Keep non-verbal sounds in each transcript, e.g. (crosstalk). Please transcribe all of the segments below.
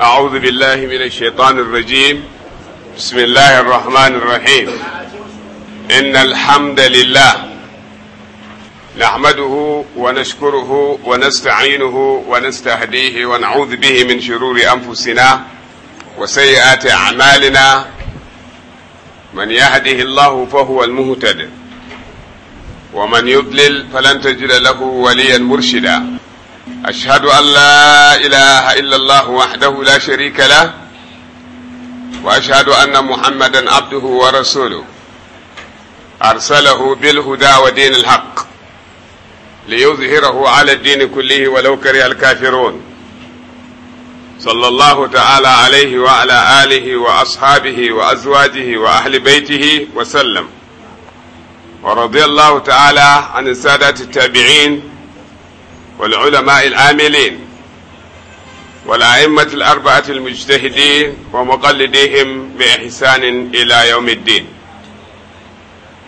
أعوذ بالله من الشيطان الرجيم بسم الله الرحمن الرحيم إن الحمد لله نحمده ونشكره ونستعينه ونستهديه ونعوذ به من شرور أنفسنا وسيئات أعمالنا من يهده الله فهو المهتد ومن يضلل فلن تجد له وليا مرشدا أشهد أن لا إله إلا الله وحده لا شريك له وأشهد أن محمدا عبده ورسوله أرسله بالهدى ودين الحق ليظهره على الدين كله ولو كره الكافرون صلى الله تعالى عليه وعلى آله وأصحابه وأزواجه وأهل بيته وسلم ورضي الله تعالى عن السادة التابعين والعلماء العاملين والأئمة الأربعة المجتهدين ومقلديهم بإحسان إلى يوم الدين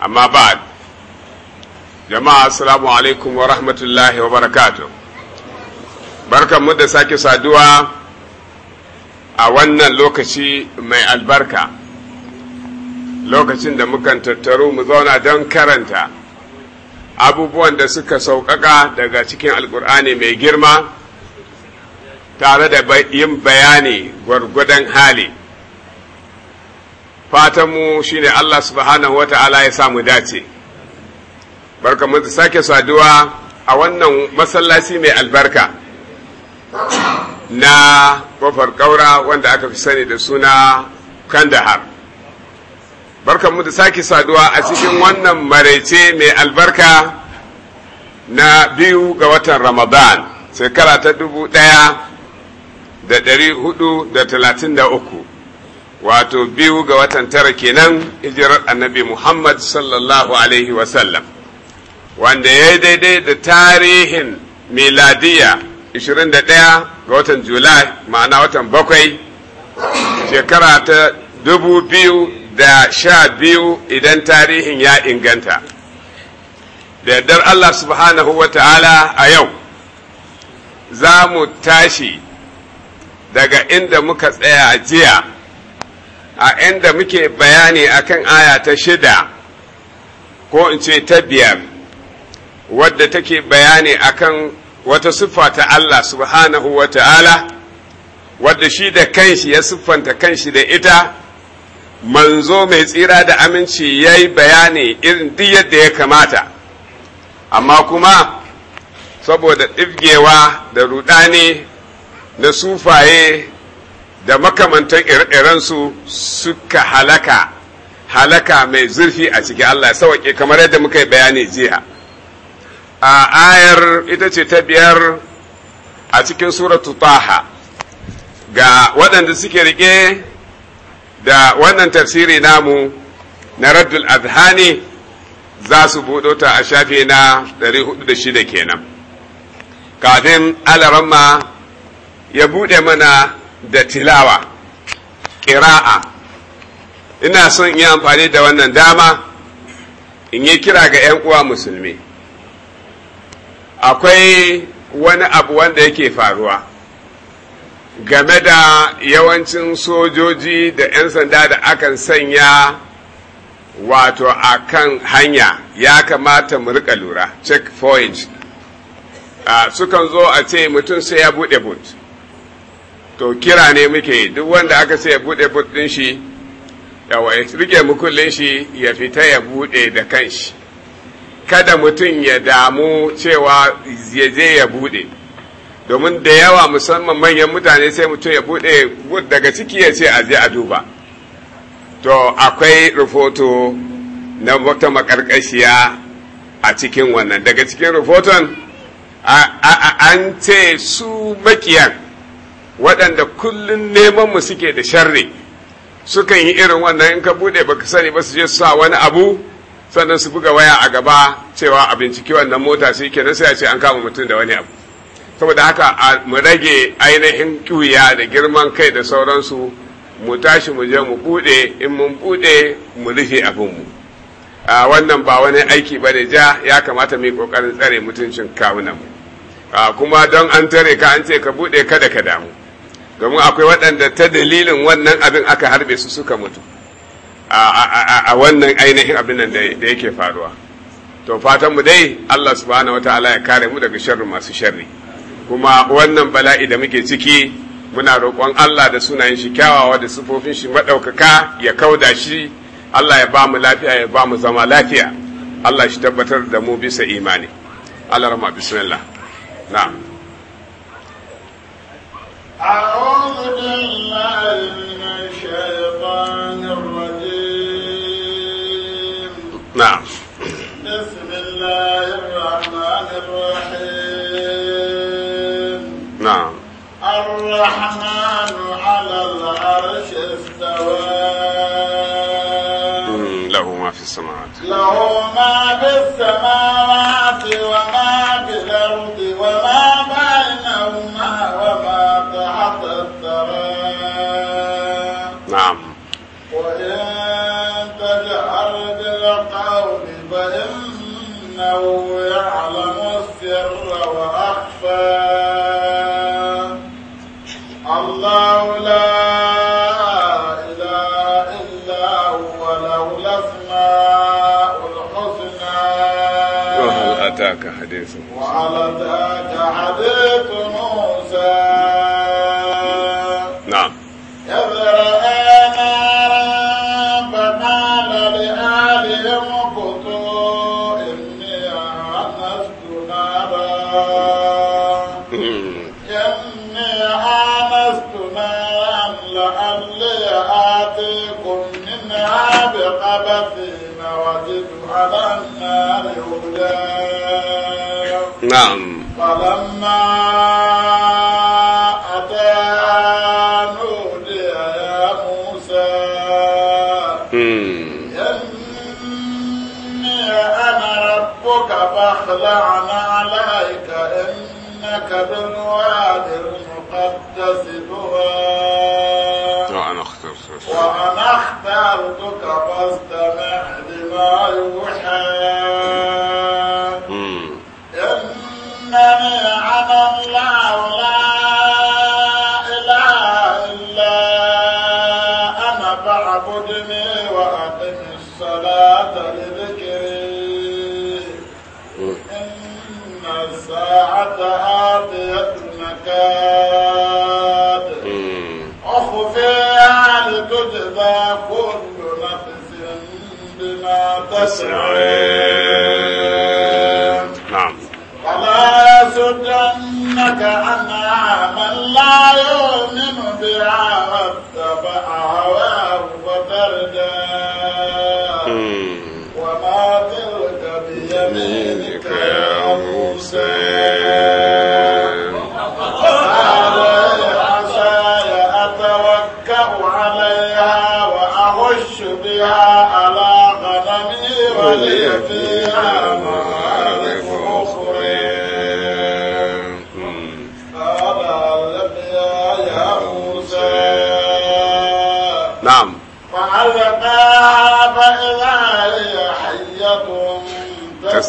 أما بعد jama'a assalamu alaikum wa rahmatullahi wa barakatu barkan mu da sake saduwa a wannan lokaci mai albarka lokacin da mukan tattaru mu zauna don karanta abubuwan da suka sauƙaƙa daga cikin alkur'ani mai girma tare da yin bayani gwargwadon hali fatanmu shine Allah subhanahu wata'ala ya samu dace barkamu da sake saduwa a wannan masallaci mai albarka na kofar ƙaura wanda aka fi sani da suna kandahar barkan mu da sake saduwa a cikin wannan maraice mai albarka na biyu ga watan ramadan shekara ta dubu daya da dari hudu da talatin da uku wato biyu ga watan tara kenan hijirar annabi muhammad sallallahu alaihi wasallam wanda ya daidai da tarihin miladiya 21 ga watan julai ma'ana watan bakwai shekara ta biyu. da sha biyu idan tarihin ya inganta da yardar Allah subhanahu wa ta'ala a yau za mu tashi daga inda muka tsaya jiya a inda muke bayani akan aya ta shida ko in ce ta biyar wadda take bayani akan wata siffa ta Allah subhanahu wa ta'ala wadda shi da kanshi ya siffanta kanshi da ita manzo mai tsira da aminci ya yi bayani irin duk yadda ya kamata amma kuma saboda ɗifgewa da rudani na sufaye da makamantan ire-irensu suka halaka halaka mai zurfi a ciki Allah sauƙi kamar yadda muka yi bayani jiya a ayar ita ce ta biyar a cikin suratu taha ga waɗanda suke rike da wannan tafsiri namu na raddul adhani za su buɗo ta a shafi na 406 kenan kafin alaramma ya buɗe mana da tilawa ƙira'a ina son yi amfani da wannan dama in yi kira ga 'yan uwa musulmi akwai wani abu wanda yake faruwa game da yawancin sojoji da 'yan sanda da akan sanya wato a kan hanya ya kamata mu rika lura checkpoint sukan zo a ce mutum sai ya bude but to kira ne muke duk wanda aka sai ya bude but din shi yawa ya rike mukullin shi ya fita ya bude da kanshi kada mutum ya damu cewa ya je ya bude domin da yawa musamman manyan mutane sai mutum ya bude daga ciki ya ce a je a duba to akwai rufoto na wata makarkashiya a cikin wannan daga cikin rufoton an ce su makiyan waɗanda kullum neman mu suke da sharri sukan yi irin wannan in ka bude baka sani ba su je su sa wani abu sannan su buga waya a gaba cewa a binciki wannan mota sai kenan sai a ce an kama mutum da wani abu saboda haka mu rage ainihin kiwiya da girman kai da sauransu mu tashi mu je mu bude, in mun bude mu rufe abinmu a wannan ba wani aiki ba ne ja ya kamata mu kokarin tsare mutuncin kawunanmu kuma don an tare ka an ce ka bude, kada ka damu domin akwai waɗanda ta dalilin wannan abin aka harbe su suka mutu a wannan ainihin abin nan da yake faruwa to fatan mu dai Allah subhanahu wataala ya kare mu daga sharri masu sharri kuma wannan bala'i da muke ciki muna roƙon Allah da sunayen shi kyawawa da sufofin shi maɗaukaka ya kauda shi Allah ya ba mu lafiya ya ba mu zama lafiya Allah shi tabbatar da mu bisa imani Allah rama bismillah na'am أعوذ بالله من الشيطان الرجيم نعم بسم الله الرحمن الرحيم الرحمن على العرش استوى له ما في السماوات له ما في السماوات I love that. خسران نعم فلا يصدنك عنها من لا يؤمن بها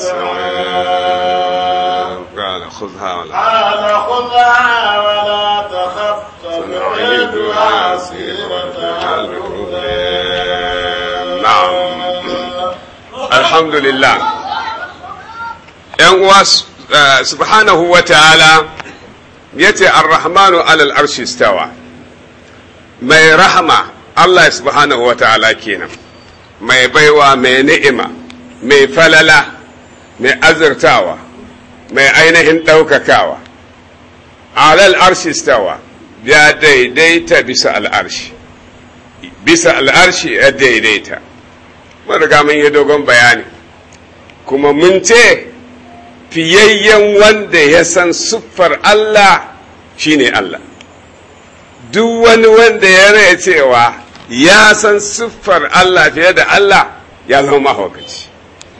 السواء قال خذها ولا قال خذها ولا تخف سنعيدها سيرتها الأولى نعم الحمد لله ينقوى سبحانه وتعالى yace arrahmanu alal arshi stawa mai rahama Allah subhanahu wa ta'ala kenan mai baiwa mai ni'ima mai falala mai azurtawa mai ainihin ɗaukakawa alal arshi ya daidaita bisa al'arshi bisa al'arshi ya daidaita riga mun yi dogon bayani kuma mun ce fiyayyen wanda ya san siffar Allah shine Allah duk wani wanda ya raya cewa ya san siffar Allah fiye da Allah ya zama mahaukaci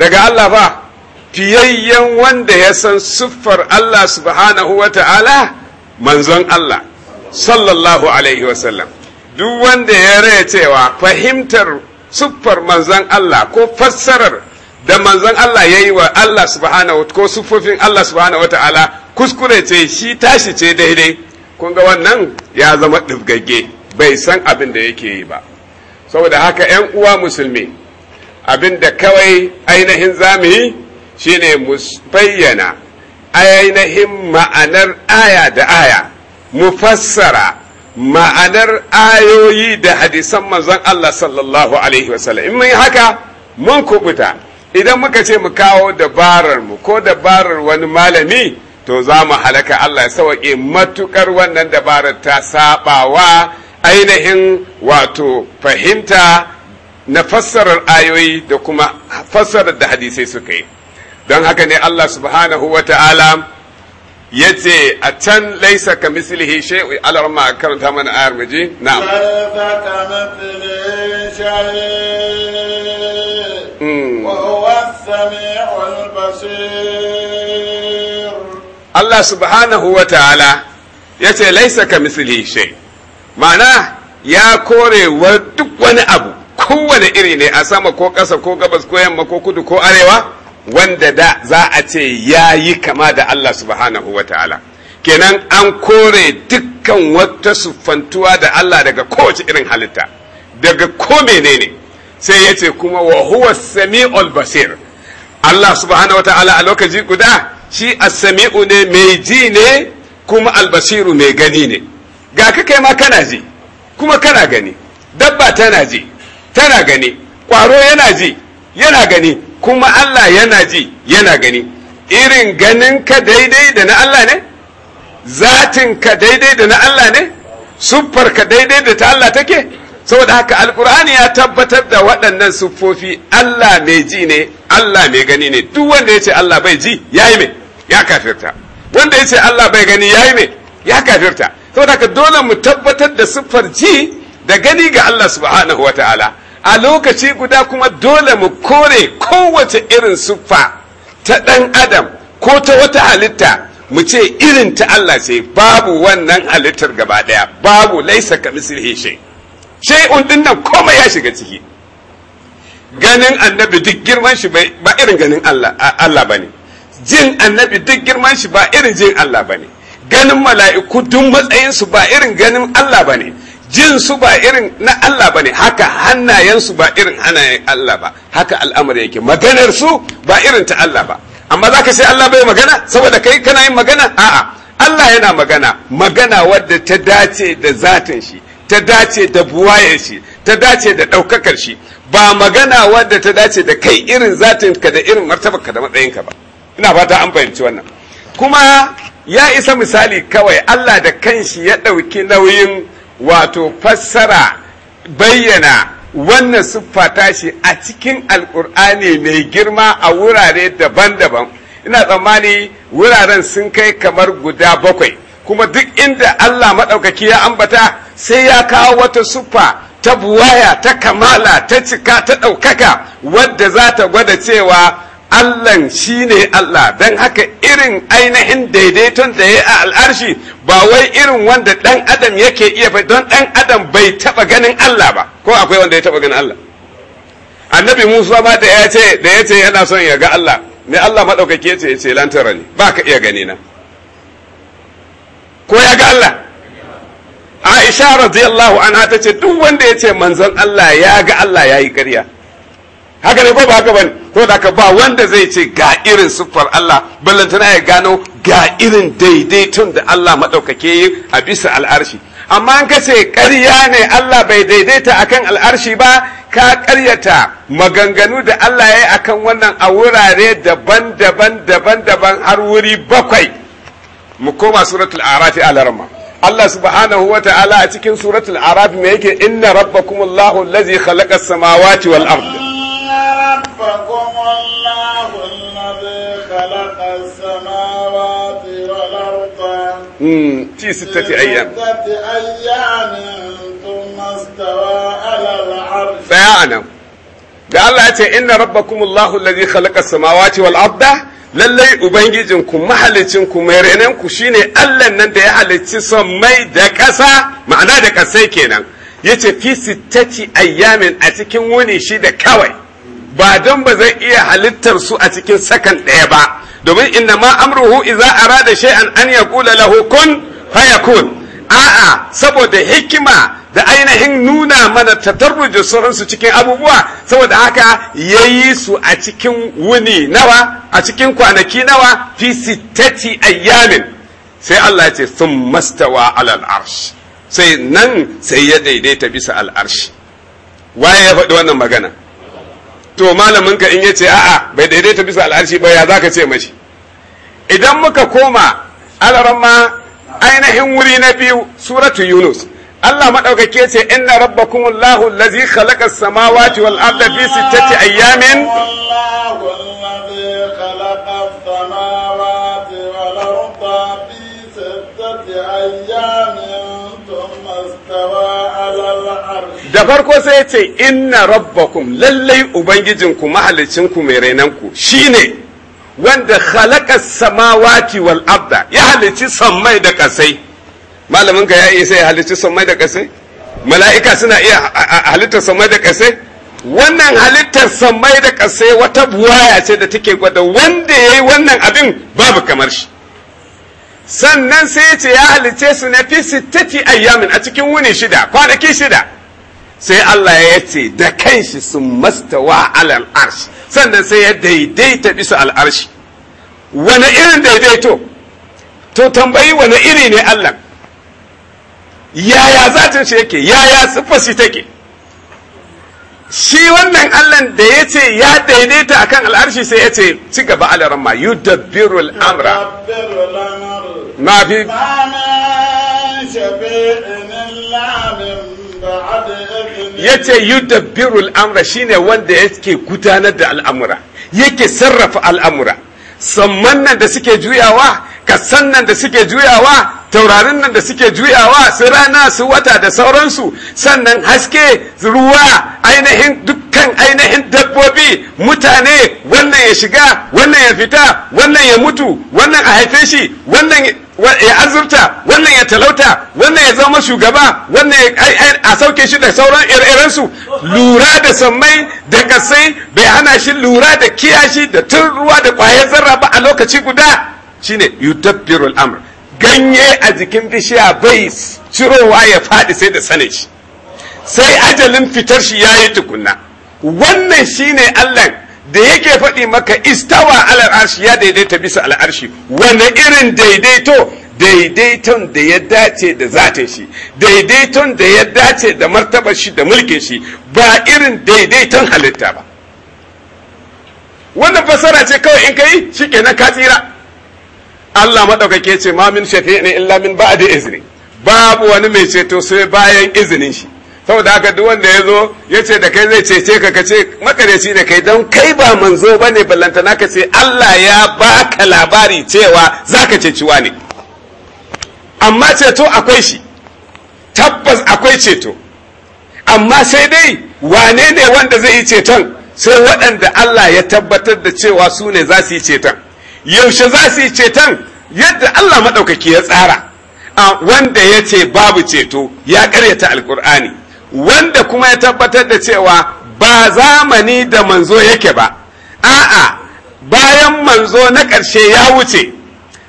daga Allah fa fiyayyen wanda ya san siffar Allah subhanahu wa ta'ala manzon Allah sallallahu alaihi wasallam duk wanda ya raya cewa fahimtar siffar manzon Allah ko fassarar da manzon Allah ya yi wa Allah subhanahu ko siffofin Allah subhanahu wa ta'ala kuskure ce shi tashi ce daidai kun ga wannan ya zama ɗirgagge bai san abin da yake yi ba saboda haka 'yan uwa musulmi abin da kawai ainihin zamu yi shine mu bayyana ainihin ma'anar aya da aya mu fassara ma'anar ayoyi da hadisan manzon Allah sallallahu alaihi wasallam in mun haka mun kubuta idan muka ce mu kawo dabarar mu ko dabarar wani malami to za mu halaka Allah ya sauke matukar wannan dabarar ta sabawa ainihin wato fahimta na fassarar ayoyi da kuma fassarar da hadisai suka yi don haka ne Allah subhanahu wa ta'ala ya ce a can laisa ka mislihi shay'u alar ma karanta mana ayar maji na hmm. Allah subhanahu wa ta'ala ya ce laisa ka mislihi shay ma'ana ya korewa duk wani abu kowane iri ne a sama ko ƙasa ko gabas ko yamma ko kudu ko arewa wanda da za a ce ya yi kama da Allah subhanahu wa ta'ala kenan an kore dukkan wata sufantuwa da Allah daga kowace irin halitta daga ko menene sai ya ce kuma wa huwa sami basir Allah subhanahu wa ta'ala a lokaci guda shi as-sami'u ne mai ji ne kuma albasiru mai gani ne ga ka kai ma kana ji kuma kana gani dabba tana ji tana gani kwaro yana ji yana gani kuma Allah yana ji yana gani irin ganin ka daidai da na Allah ne zatin ka daidai da na Allah ne siffar ka daidai da ta Allah take saboda haka alkur'ani ya tabbatar da waɗannan siffofi Allah mai ji ne Allah mai gani ne duk wanda ya ce Allah bai ji yayi mai ya kafirta wanda ya ce Allah bai gani yayi mai ya kafirta saboda haka dole mu tabbatar da siffar ji da gani ga Allah subhanahu wataala a lokaci guda kuma dole mu kore kowace irin siffa ta ɗan adam ko ta wata halitta mu ce irin ta Allah ce babu wannan halittar gaba ɗaya babu laisa ka heshe shay shay'un din nan komai ya shiga ciki ganin annabi duk girman shi ba irin ganin Allah ba ne jin annabi duk girman shi ba irin jin Allah ba ne ganin mala'iku duk matsayin ba irin ganin Allah ba ne. jinsu ba irin na Allah ba ne haka hannayensu ba irin hannayen Allah ba haka al'amari yake maganar su ba irin ta Allah ba amma za ka sai Allah bai magana saboda kai kana yin magana a'a Allah yana magana magana wadda ta dace da zatin shi ta dace da buwaye shi ta dace da ɗaukakar shi ba magana wadda ta dace da kai irin zatin ka da irin martabar ka da matsayin ka ba ina fata an fahimci wannan kuma ya isa misali kawai Allah da kanshi ya ɗauki nauyin wato fassara bayyana wannan siffa tashi a cikin alkur'ani mai girma a wurare daban-daban ina tsammani wuraren sun kai kamar guda bakwai kuma duk inda Allah maɗaukaki ya ambata sai ya kawo wata siffa ta buwaya ta kamala ta cika ta ɗaukaka wadda za ta gwada cewa Allahn shi ne Allah don haka irin ainihin daidaiton da ya a al'arshi ba wai irin wanda ɗan adam yake iya bai don ɗan adam bai taɓa ganin Allah ba ko akwai wanda ya taɓa ganin Allah annabi Musa ma da ya ce da ya ce yana son ya ga Allah ne Allah maɗaukaki ya ce ya ce lantara ne ba ka iya gani na ko ya ga Allah Aisha radiyallahu anha ta ce duk wanda ya ce manzon Allah ya ga Allah ya yi ƙarya haka ne ko ba haka bane to da ka ba wanda zai ce ga irin siffar Allah ballantana ya gano ga irin daidaitun da Allah madaukake yi a bisa al'arshi amma an kace ƙarya ne Allah bai daidaita akan al'arshi ba ka ƙaryata maganganu da Allah ya yi akan wannan a wurare daban-daban daban-daban har wuri bakwai mu koma suratul araf alarma Allah subhanahu wa ta'ala a cikin suratul arafi me yake inna rabbakumullahu allazi khalaqa as-samawati wal ardh ربكم الله الذي خلق السماوات والأرض في ستة أيام ستة أيام ثم استوى على العرش فيعلم da Allah ya ce inna rabbakum Allahu allazi khalaqa samawati wal arda lallai ubangijin ku mahalicin ku mai ku shine Allah nan da ya halicci sammai da ƙasa ma'ana da ƙasai kenan yace fi sittati ayyamin a cikin wuni shida kawai ba don ba zai iya halittar su a cikin sakan ɗaya ba domin inna ma amruhu iza arada shay'an an yaqula lahu kun fayakun a'a saboda hikima da ainihin nuna mana tatarrujin sauransu cikin abubuwa saboda haka ya yi su a cikin wuni nawa a cikin kwanaki nawa fi sittati ayyamin sai Allah ya ce sun mastawa alal arsh sai nan sai ya daidaita bisa al'arshi waye ya faɗi wannan magana to malamin ka in yace a'a bai daidaita bisa al'arshi ba ya zaka ce mashi idan muka koma ma ainihin wuri na biyu suratu yunus Allah maɗaukake ce inna rabbakumullahu Allahu allazi khalaqa as-samawati wal arda fi sittati ayyamin Allahu da farko sai ya ce inna rabbakum lallai ubangijinku mahalicinku mai renanku shine wanda khalaqa samawati wal abda ya halici sammai da kasai malamin ka ya isa ya halici sammai da kasai mala'ika suna iya halittar sammai da kasai wannan halittar sammai da kasai wata buwaya ce da take gwada wanda ya yi wannan abin babu kamar shi sannan sai ya ce ya halice su na fi sittati ayyamin a cikin wuni shida kwanaki shida sai Allah ya ce da kanshi sun mastawa alal arshi sannan sai ya daidaita bisa al'arshi wani irin daidaito to tambayi wani iri ne Allah yaya zatin shi yake yaya siffar take shi wannan Allah da ya ce ya daidaita akan al'arshi sai ya ce ci gaba alaramma yudabbirul amra ma fi yace yudabbirul amra shine wanda yake gudanar da al'amura yake sarrafa al'amura samman nan da suke juyawa kasan nan da suke juyawa taurarin nan da suke juyawa su rana su wata da sauransu sannan haske ruwa ainihin dukkan ainihin dabbobi mutane wannan ya shiga wannan ya fita wannan ya mutu wannan a haife shi wannan ya azurta wannan ya talauta wannan ya zama shugaba wannan a sauke shi da sauran ire lura da sammai da kasai bai hana shi lura da kiyashi da tun ruwa da kwayar zarra ba a lokaci guda shine yutabbirul amr ganye a jikin bishiya bai cirowa ya faɗi sai da sane shi sai ajalin fitar shi ya yi tukunna wannan shine Allah da yake faɗi maka istawa al'arshi arshi ya daidaita bisa al arshi wani irin daidaito daidaiton da ya dace da zata shi daidaiton da ya dace da martaba shi da mulkin shi ba irin daidaiton halitta ba wannan fasara ce kawai in kai ke na katsira. Allah maɗaukake ce ma min shafi'in illa min da izini babu wani mai ceto sai bayan izinin shi saboda haka duk wanda ya zo ya ce da kai zai cece ka ka ce makareci da kai don kai ba manzo ba ne ballantana ka ce Allah ya baka labari cewa za ka ceci ne amma ceto akwai shi tabbas akwai ceto amma sai dai wane ne wanda zai yi ceton sai waɗanda Allah ya tabbatar da cewa su ne za su yi ceton yaushe za su yi ceton yadda Allah maɗaukaki ya tsara wanda ya ce babu ceto ya ƙaryata alƙur'ani. wanda kuma ya tabbatar da cewa ba zamani da manzo yake ba a'a bayan manzo na ƙarshe ya wuce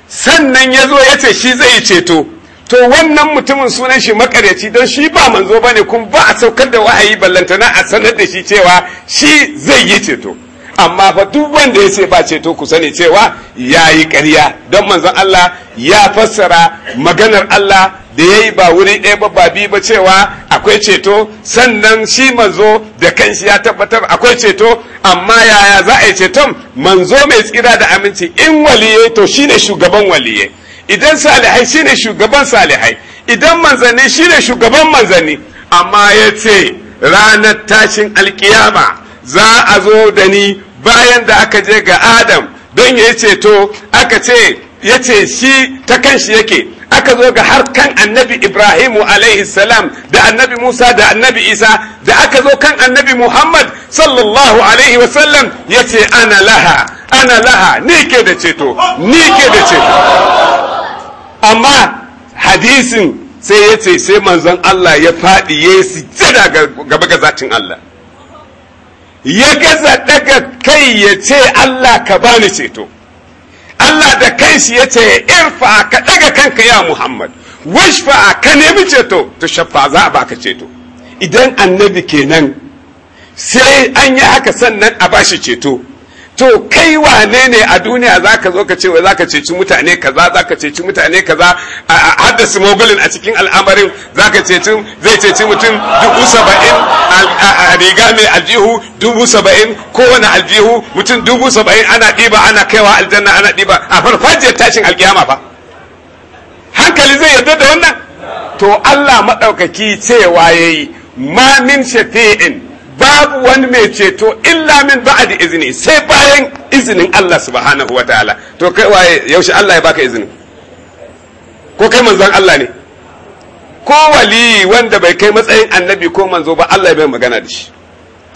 sannan ya zo ya ce shi zai ceto to wannan mutumin sunan shi makaryaci don shi ba manzo ba ne kuma ba a saukar da wa'ayi ballantana a sanar da shi cewa shi zai yi ceto amma fa duk wanda ya ce ba ceto ku sani cewa ya yi ƙarya don manzon Allah ya fassara maganar Allah da ya yi ba wuri ɗaya ba ba biyu ba cewa akwai ceto sannan shi manzo da kanshi ya tabbatar akwai ceto amma yaya za a yi ceton manzo mai tsira da aminci in waliye to shine shugaban waliye idan salihai shine shugaban salihai idan manzanni shine shugaban manzanni amma ya ce ranar tashin alkiyama za a zo da ni bayan da aka je ga adam don ya ceto aka ce ya ce shi ta kanshi yake aka zo ga har kan annabi ibrahimu alaihi salam da annabi musa da annabi isa da aka zo kan annabi muhammad sallallahu alaihi wasallam ya ce ana laha ana laha ni ke da ceto ni ke da ceto amma hadisin sai ya ce sai manzon allah ya faɗi ya yi sujjada gaba ga zacin allah ya gaza daga kai ya ce allah ka bani ceto Allah da kanshi ya ce irfa ka daga kanka ya Muhammad washfa ka nemi ceto to shafa za a baka ceto idan annabi kenan sai an yi haka sannan a bashi ceto to kai wane ne a duniya za ka zo ka ce wai za ka ceci mutane kaza za ka ceci mutane kaza a haddasa smuggling a cikin al'amarin za ka ceci zai ceci mutum dubu saba'in a riga mai aljihu dubu saba'in kowane aljihu mutum dubu saba'in ana ɗiba ana kaiwa aljanna ana ɗiba a farfajiyar tashin alkiyama fa hankali zai yarda da wannan to Allah maɗaukaki cewa yayi ma min shafi'in babu wani mai ceto illa min ba'di izini sai bayan izinin Allah subhanahu wa ta'ala to kai waye yaushe Allah ya baka izini ko kai manzon Allah ne ko wali wanda bai kai matsayin annabi ko manzo ba Allah ya bai magana da shi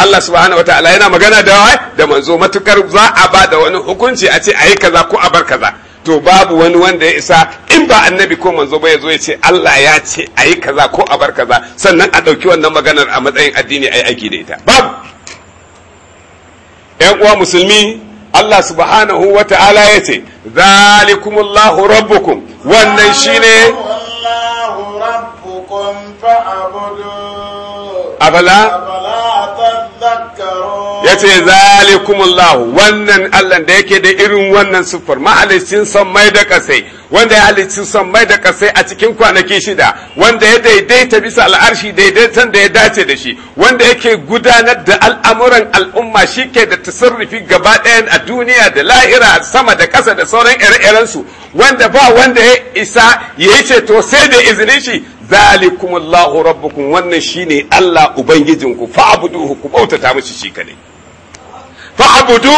Allah subhanahu wa ta'ala yana magana da da manzo matukar za a ba da wani hukunci a ce a yi kaza ko a bar kaza to babu wani wanda ya isa in ba annabi ko manzo ba ya zo ya ce Allah ya ce a yi kaza ko a bar kaza sannan a ɗauki wannan maganar a matsayin addini a yi aiki da ita babu ‘yan uwa musulmi Allah subhanahu wa ta'ala ya ce zalikumullahu rabbukum wannan shine abala ya ce zalikumullahu wannan allah da yake da irin wannan siffar mahalicin son mai da kasai wanda ya halicci son mai da kasai a cikin kwanaki shida wanda ya daidaita bisa al'arshi daidaitan da ya dace da shi wanda yake gudanar da al'amuran al'umma shi ke da tasarrufi gaba ɗayan a duniya da lahira sama da ƙasa da sauran ire su wanda ba wanda ya isa ya yi ceto sai da izinin shi zalikumullahu rabbukum wannan shine Allah ubangijinku fa'buduhu ku bautata mishi shi kadai fa'budu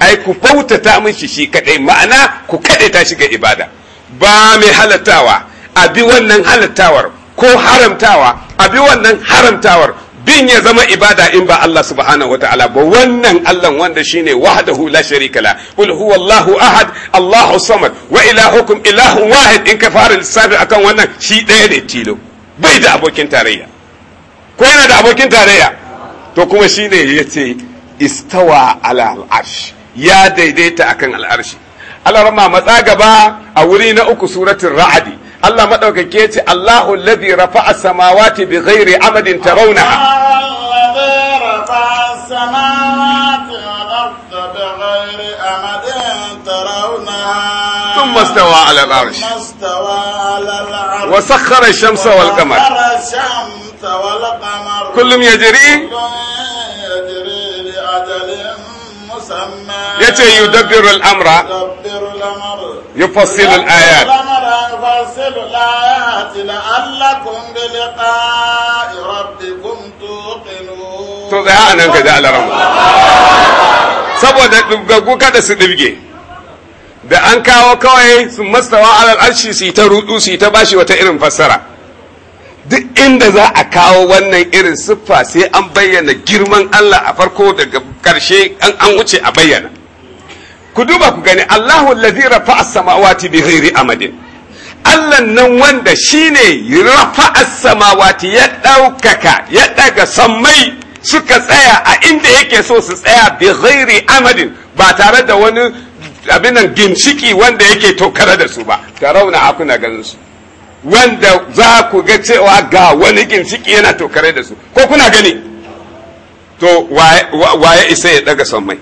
ai ku bautata min shi kadai ma'ana ku kadaita shi ga ibada ba mai halattawa a bi wannan halattawar ko haramtawa a bi wannan haramtawar bin ya zama ibada in ba Allah subhanahu wataala ba wannan Allah wanda shine wahdahu la sharika la qul huwallahu ahad Allahu samad wa ilahukum ilahun wahid in ka fara lissafi akan wannan shi ɗaya ne tilo bai da abokin tarayya ko yana da abokin tarayya to kuma shine yace istawa ala al'arshi ya daidaita akan al'arshi Allah rama matsa gaba a wuri na uku suratul ra'adi Allah maɗaukake ce Allahu alladhi rafa'a samawati bi ghairi amadin tarawnaha ثم استوى على العرش وسخر الشمس والقمر كل يجري yace yudabbiru amra yufassilu al-ayat to tsaya a nan ka ji saboda ɗuggaggu kada su dirge. da an kawo kawai su mastawa alal arshi su ta rudu su ta bashi wata irin fassara duk inda za a kawo wannan irin siffa sai an bayyana girman Allah a farko daga karshe an wuce a bayyana ku duba ku gani Allahu allazi as samawati bi ghairi amadin Allah nan wanda shine as samawati ya daukaka ya daga sammai suka tsaya a inda yake so su tsaya bi ghairi amadin ba tare da wani abin nan ginshiki wanda yake tokare da su ba tarauna akuna ganin su wanda za ku ga cewa ga wani ginshiki yana tokare da su ko kuna gani to waye isa ya daga sammai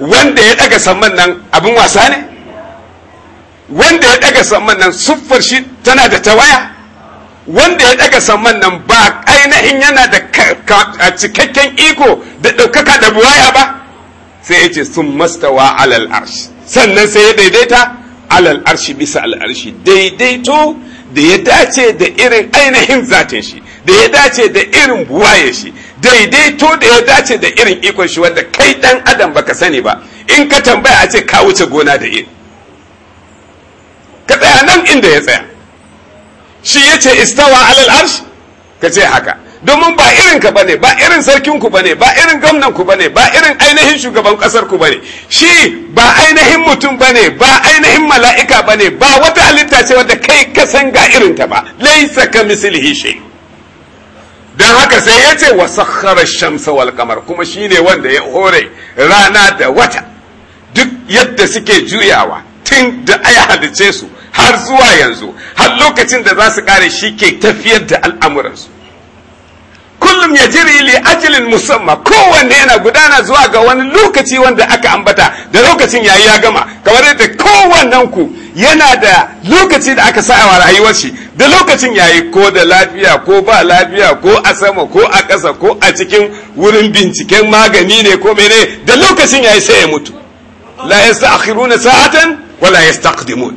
wanda ya daga samman nan abin wasa ne wanda ya daga samman nan siffar shi tana da tawaya wanda ya daga samman nan ba ainihin yana da cikakken iko da ɗaukaka da buwaya ba sai ya ce sun mastawa alal arshi sannan sai ya daidaita alal arshi bisa alal arshi daidaito da ya dace da irin ainihin zaten shi da ya dace da irin buwaye shi daidaito da ya dace da irin ikon shi wanda kai dan adam baka sani ba in ka tambaya a ce ka wuce gona da iri ka tsaya nan inda ya tsaya shi ya ce istawa alal arsh ka ce haka domin ba irin ka bane ba irin sarkin ku bane ba irin gwamnan ku bane ba irin ainihin shugaban kasar ku bane shi ba ainihin mutum bane ba ainihin mala'ika bane ba wata halitta ce wanda kai ka san ga irin ta ba laisa ka mislihi shay' don haka sai ya ce wa sakharar shamsa wal kamar kuma shine wanda ya hore rana da wata duk yadda suke juyawa tun da aya halice su har zuwa yanzu har lokacin da za su kare shi ke tafiyar da al'amuransu kullum ya jiri li ajilin musamma kowanne yana gudana zuwa ga wani lokaci wanda aka ambata da lokacin yayi ya gama kamar yadda kowannen ku yana da lokaci da aka sa a rayuwar shi da lokacin yayi ko da lafiya ko ba lafiya ko a sama ko a ƙasa ko a cikin wurin binciken magani ne ko mene da lokacin yayi sai ya mutu la yasta'khiruna sa'atan wala yastaqdimun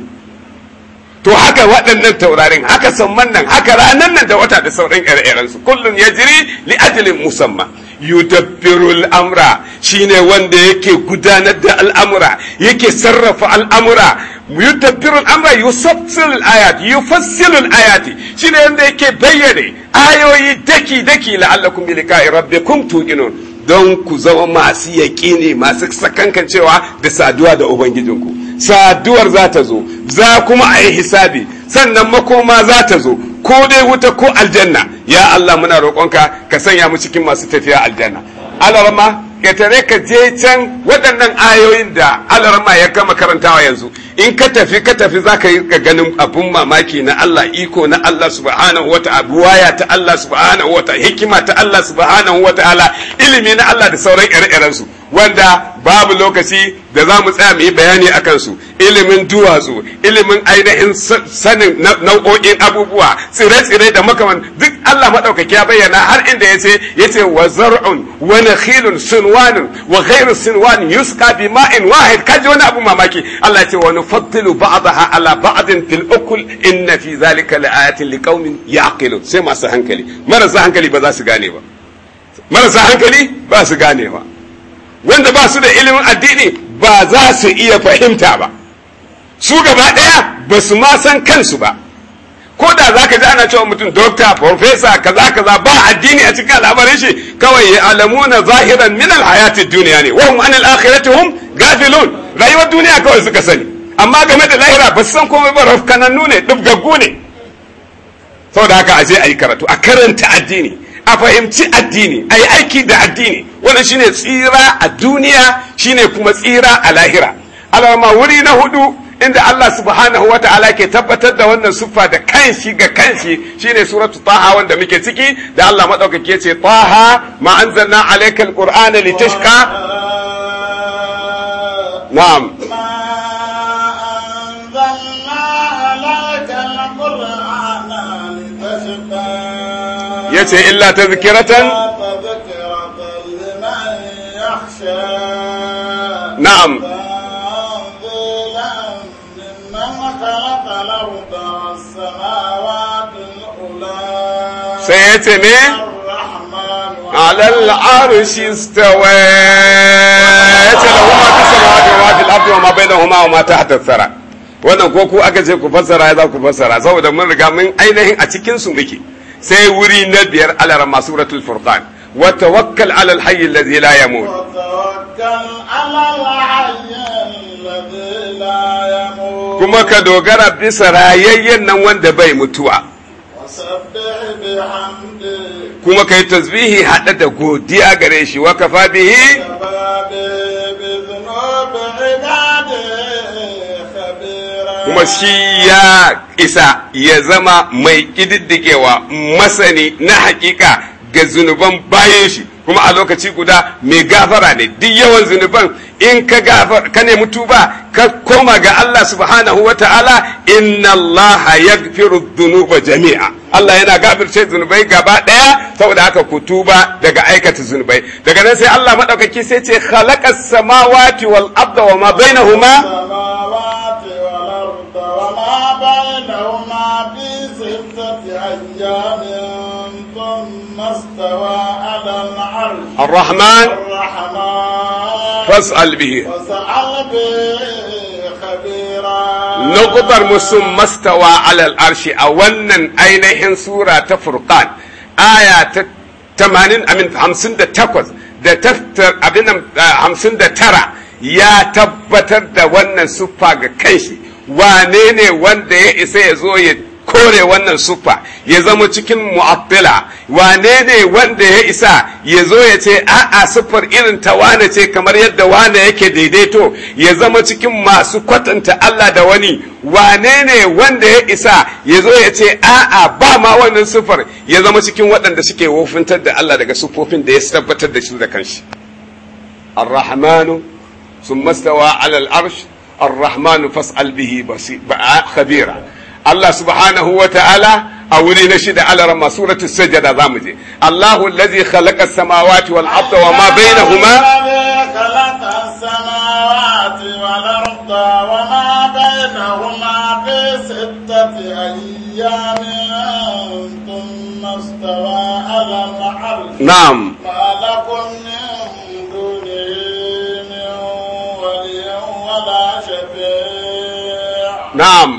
to haka waɗannan taurarin haka samman nan haka ranan nan da wata da sauran ire-irensu kullum ya jiri li ajalin musamman yudabbiru al'amura shine wanda yake gudanar da al'amura yake sarrafa al'amura yudabbiru al-amra yufassilu ayati ayat ayati, ayati shine yanda yake bayyane ayoyi daki daki la'allakum bi liqa'i rabbikum tuqinun don ku zama masu yaƙini masu sakankancewa da saduwa da ubangijinku saduwar za ta zo za kuma a yi hisabi sannan makoma za ta zo ko dai wuta ko aljanna ya Allah muna roƙonka ka sanya mu cikin masu tafiya aljanna alarma ka tare ka je can waɗannan ayoyin da alarma ya gama karantawa yanzu in ka tafi ka tafi za ka yi ganin abun mamaki na Allah iko na Allah subhanahu wata abuwaya ta Allah subhanahu wata hikima ta Allah subhanahu wata ala ilimi na Allah da sauran ire-irensu wanda babu lokaci da za mu tsaya mu yi bayani a kansu ilimin duwatsu ilimin ainihin sanin nau'o'in abubuwa tsire-tsire da makaman duk Allah maɗaukaki ya bayyana har inda ya ce ya ce wa zar'un wa nakhilun sunwanin wa ghairu sunwanin yuska bi ma'in wahid kaji wani abu mamaki Allah ya ce wa nufaddilu ba'daha ala ba'din fil ukul inna fi zalika la'ayatin liqaumin yaqilun sai masu hankali marasa hankali ba za su gane ba marasa hankali ba su gane ba wanda ba su da ilimin addini ba za su iya fahimta ba su gaba ɗaya ba su ma san kansu ba ko da za ka ji ana cewa mutum dokta farfesa kaza kaza ba addini a cikin al'amarin shi kawai ya na zahiran min alhayati duniya ne wahum anil akhirati hum gafilun rayuwar duniya kawai suka sani amma game da lahira ba san komai ba rafkanannu ne dubgaggu ne da haka a yi karatu a karanta addini a fahimci addini a yi aiki da addini wannan shine tsira a duniya shine kuma tsira a lahira alama wuri na hudu inda Allah subhanahu wa ta'ala ke tabbatar da wannan siffa da kanshi ga kanshi shine suratu taha wanda muke ciki da Allah madaukake ce taha ma anzalna alayka alqur'ana litashqa na'am ya ce illa ta zikiratan na'am sai ya ce me alal arshi stawa ya ce lahu ma fi samawati wa ma wa ma bainahuma wa ma tahta thara wannan ko ku aka ce ku fassara ya za ku fassara saboda mun riga mun ainihin a cikin su muke sai wuri na biyar alar masuratul furqan wa tawakkal ala alhayy alladhi la yamut kuma ka dogara bisa rayayyen nan wanda bai mutuwa kuma ka tasbihi hada da godiya gare shi wa kafa bihi kuma ya isa ya zama mai ƙididdigewa masani na hakika ga zunuban bayan shi kuma a lokaci guda mai gafara ne duk yawan zunuban in ka gafar ka nemi tuba ka koma ga Allah subhanahu wa ta'ala inna Allah yaghfiru dunuba jami'a Allah yana gafirce zunubai gaba daya saboda haka ku tuba daga aikata zunubai daga nan sai Allah madaukaki sai ce khalaqas samawati wal abda wa ma bainahuma أيام ثم استوى على العرش الرحمن الرحمن فاسأل به فاسأل به خبيرا نقدر مسم ما استوى على العرش أولا أينهن سورة فرقان آية 80 أمين 58 da taftar abin hamsin da tara ya tabbatar da wannan siffa ga kanshi wane ne wanda ya isa ya zo ya kore wannan sufa ya zama cikin mu'attila wane ne wanda ya isa ya zo ya ce a'a sufar irin ta wane ce kamar yadda wane yake daidaito ya zama cikin masu kwatanta Allah da wani wane ne wanda ya isa ya zo ya ce a'a ba ma wannan sufar ya zama cikin waɗanda suke wofintar da Allah daga sufofin da ya tabbatar da shi da kanshi الرحمن ثم استوى على العرش الرحمن فاسأل به خبيرا Allah subhanahu wa ta'ala a wuri na shida alarama suratu sajada za mu je Allahu allazi khalaqa samawati wal arda wa ma bainahuma khalaqa samawati wal arda wa ma na'am na'am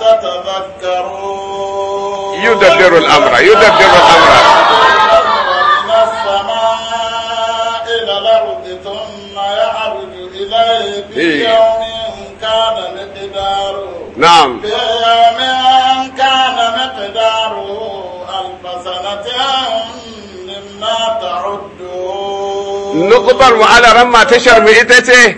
تتذكرون يدبر الأمر يدبر الأمر من السماء إلى الأرض ثم يعرج إليه في كان مقداره نعم في كان مقداره ألف سنة مما تعدون نقطة وعلى رمى تشر مئتته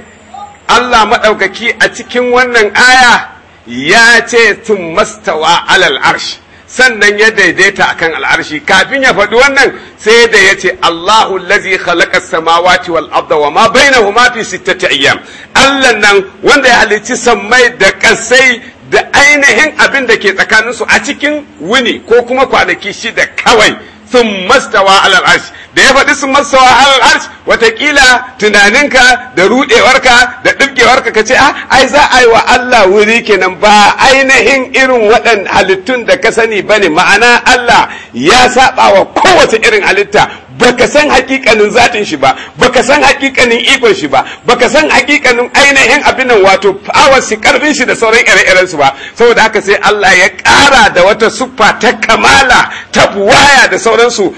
Allah maɗaukaki a cikin wannan aya ya ce sun mastawa alal arshi sannan ya daidaita akan al'arshi kafin ya faɗi wannan sai da ya ce Allahu lazi khalaqa samawati wal abda wa ma bainahuma fi sittati ayyam Allah nan wanda ya halicci sammai da ƙasai da ainihin abin da ke tsakaninsu a cikin wuni ko kuma kwanaki shida kawai sun mastawa alal da ya faɗi sun mastawa alal arshi watakila tunaninka da ruɗewarka da ɗirgewarka ka ce ah, ai za a yi wa Allah wuri kenan ba ainihin irin waɗan halittun da ka sani ba ne ma'ana Allah ya saɓa wa kowace irin halitta baka san hakikanin zatin shi ba baka san hakikanin ikon shi ba baka san hakikanin ainihin abin nan wato awar shi karfin shi da sauran ire-iren su ba saboda haka sai Allah ya kara da wata siffa ta kamala ta buwaya da sauransu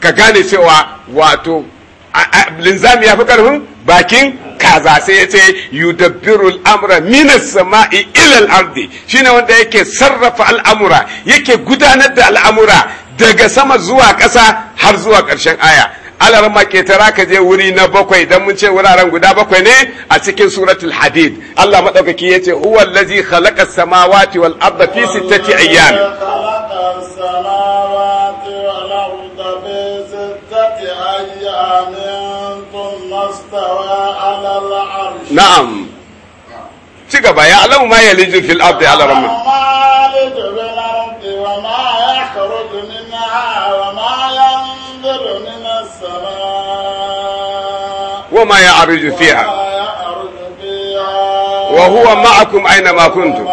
ka gane cewa wato linzami ya fi karfin bakin kaza sai ya ce yudabbirul amra minas sama'i ilal ardi shine wanda yake sarrafa al'amura yake gudanar da al'amura daga sama zuwa ƙasa har zuwa ƙarshen aya alar maketara ka je wuri na bakwai dan mun ce wuraren guda bakwai ne a cikin suratul hadid Allah madaukaki yace huwa allazi khalaqa samawati wal arda fi sittati ayyam na'am ci gaba ya alamu ma yalijin fil ardi ala rahman منها وما يعرج فيها وهو معكم أينما كنتم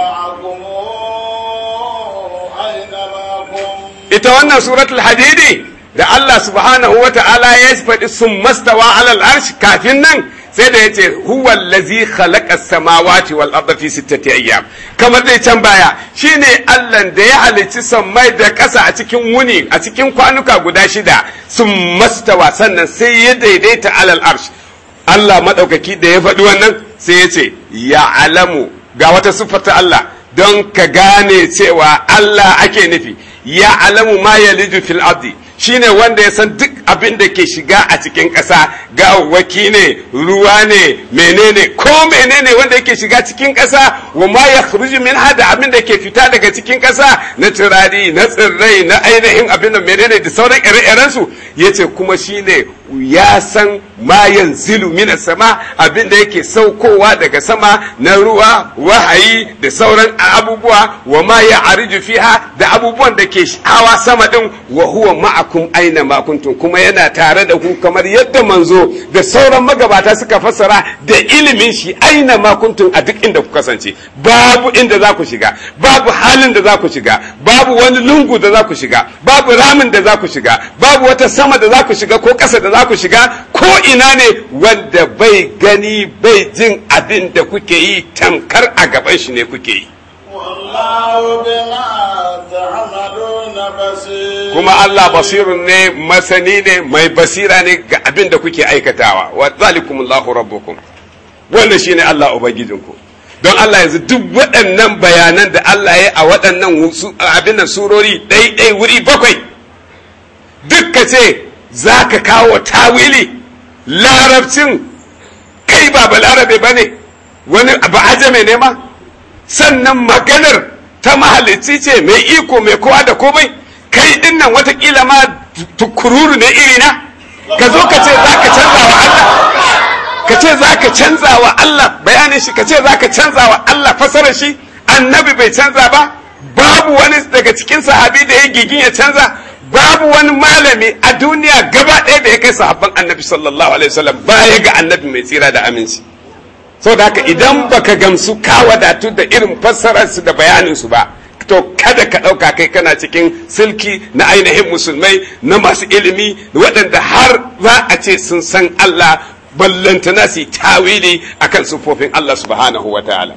ita wannan suratul hadidi da Allah subhanahu wa ta'ala ya faɗi sun alal arshi kafin nan sai da yace huwa lazi khalaqa as-samawati wal arda fi sittati ayyam kamar dai can baya shine Allah da ya halicci sammai da ƙasa a cikin wuni a cikin kwanuka guda shida sun mastawa sannan sai ya daidaita alal arsh Allah madaukaki da ya faɗi wannan sai yace ya alamu ga wata siffar ta Allah don ka gane cewa Allah ake nufi ya alamu ma yaliju fil ardi shine wanda ya san duk abin da ke shiga a cikin ƙasa ga waki ne ruwa ne menene ko menene wanda yake shiga cikin ƙasa wa ma ya khruju min hada abin da ke fita daga cikin ƙasa na turari na tsirrai na ainihin abin da menene da sauran ire-iren su yace kuma shine ya san ma yanzilu min sama abin da yake saukowa daga sama na ruwa wahayi da sauran abubuwa wa ma ya arju fiha da abubuwan da ke hawa sama din wa huwa ma'a kun aina ma kuma yana tare da ku kamar yadda manzo da sauran magabata suka fassara da ilimin shi aina ma a duk inda ku kasance babu inda za ku shiga babu halin da za ku shiga babu wani lungu da za ku shiga babu ramin da za ku shiga babu wata sama da za ku shiga ko kasa da za ku shiga ko ina ne wanda bai gani bai jin abin da kuke yi tamkar a gaban shi ne kuke yi kuma Allah basirun ne masani ne mai basira ne ga abin da kuke aikatawa wa zalikum Allahu rabbukum wannan shine Allah ubangijinku don Allah yanzu duk waɗannan bayanan da Allah ya a waɗannan abin nan surori ɗaiɗai wuri bakwai duk ka ce za ka kawo tawili larabcin kai ba balarabe ba ne wani ba ajame ne ma sannan maganar ta mahalicci ce mai iko mai kowa da komai kai dinnan watakila ma tukururu ne irina ka zo ka ce za ka canza wa Allah ka ce za ka canza wa Allah bayanin shi ka ce za ka canza wa Allah fasarar shi annabi bai canza ba babu wani daga cikin sahabi da ya gigin ya canza babu wani malami a duniya gaba ɗaya da ya kai sahabban annabi sallallahu alaihi wasallam baya ga annabi mai tsira da aminci so da haka idan baka gamsu ka wadatu da irin fassararsu da bayaninsu ba to kada ka ɗauka kai kana cikin silki na ainihin musulmai na masu ilimi waɗanda har za a ce sun san Allah ballantana su tawili a kan sufofin Allah subhanahu wa ta'ala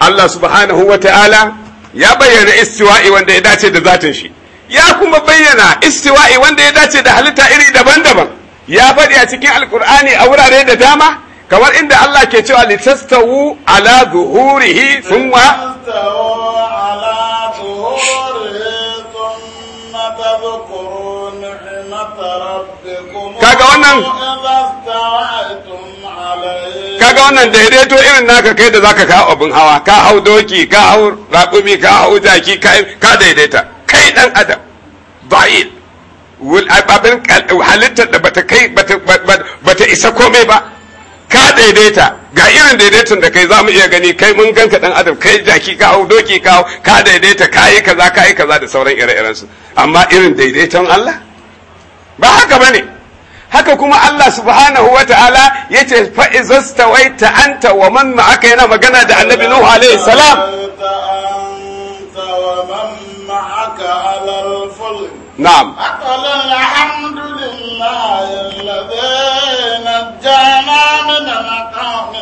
Allah subhanahu wa ta'ala ya bayyana istiwa'i wanda ya dace da zatin shi ya kuma bayyana istiwa'i wanda ya dace da halitta iri daban-daban ya faɗi a cikin alkur'ani a wurare da dama kamar inda Allah ke cewa litastawu ala zuhurihi thumma ala kaga wannan kaga wannan daidaito irin naka kai da zaka kawo abin hawa ka hau doki ka hau raƙumi ka hau jaki ka daidaita kai dan adam ba'il abin halitta da bata kai bata isa komai ba ka daidaita ga irin daidaitun da kai za mu iya gani kai mun ganka dan adam kai jaki kawo doki kawo ka daidaita ka yi kaza ka yi kaza da sauran ire su amma irin daidaiton Allah ba haka bane haka kuma Allah subhanahu wa ta'ala ya ce fa'izastawaita anta wa man ma'aka yana magana da annabi Nuhu alaihi salam نعم قل الحمد لله الذي نجانا من مقام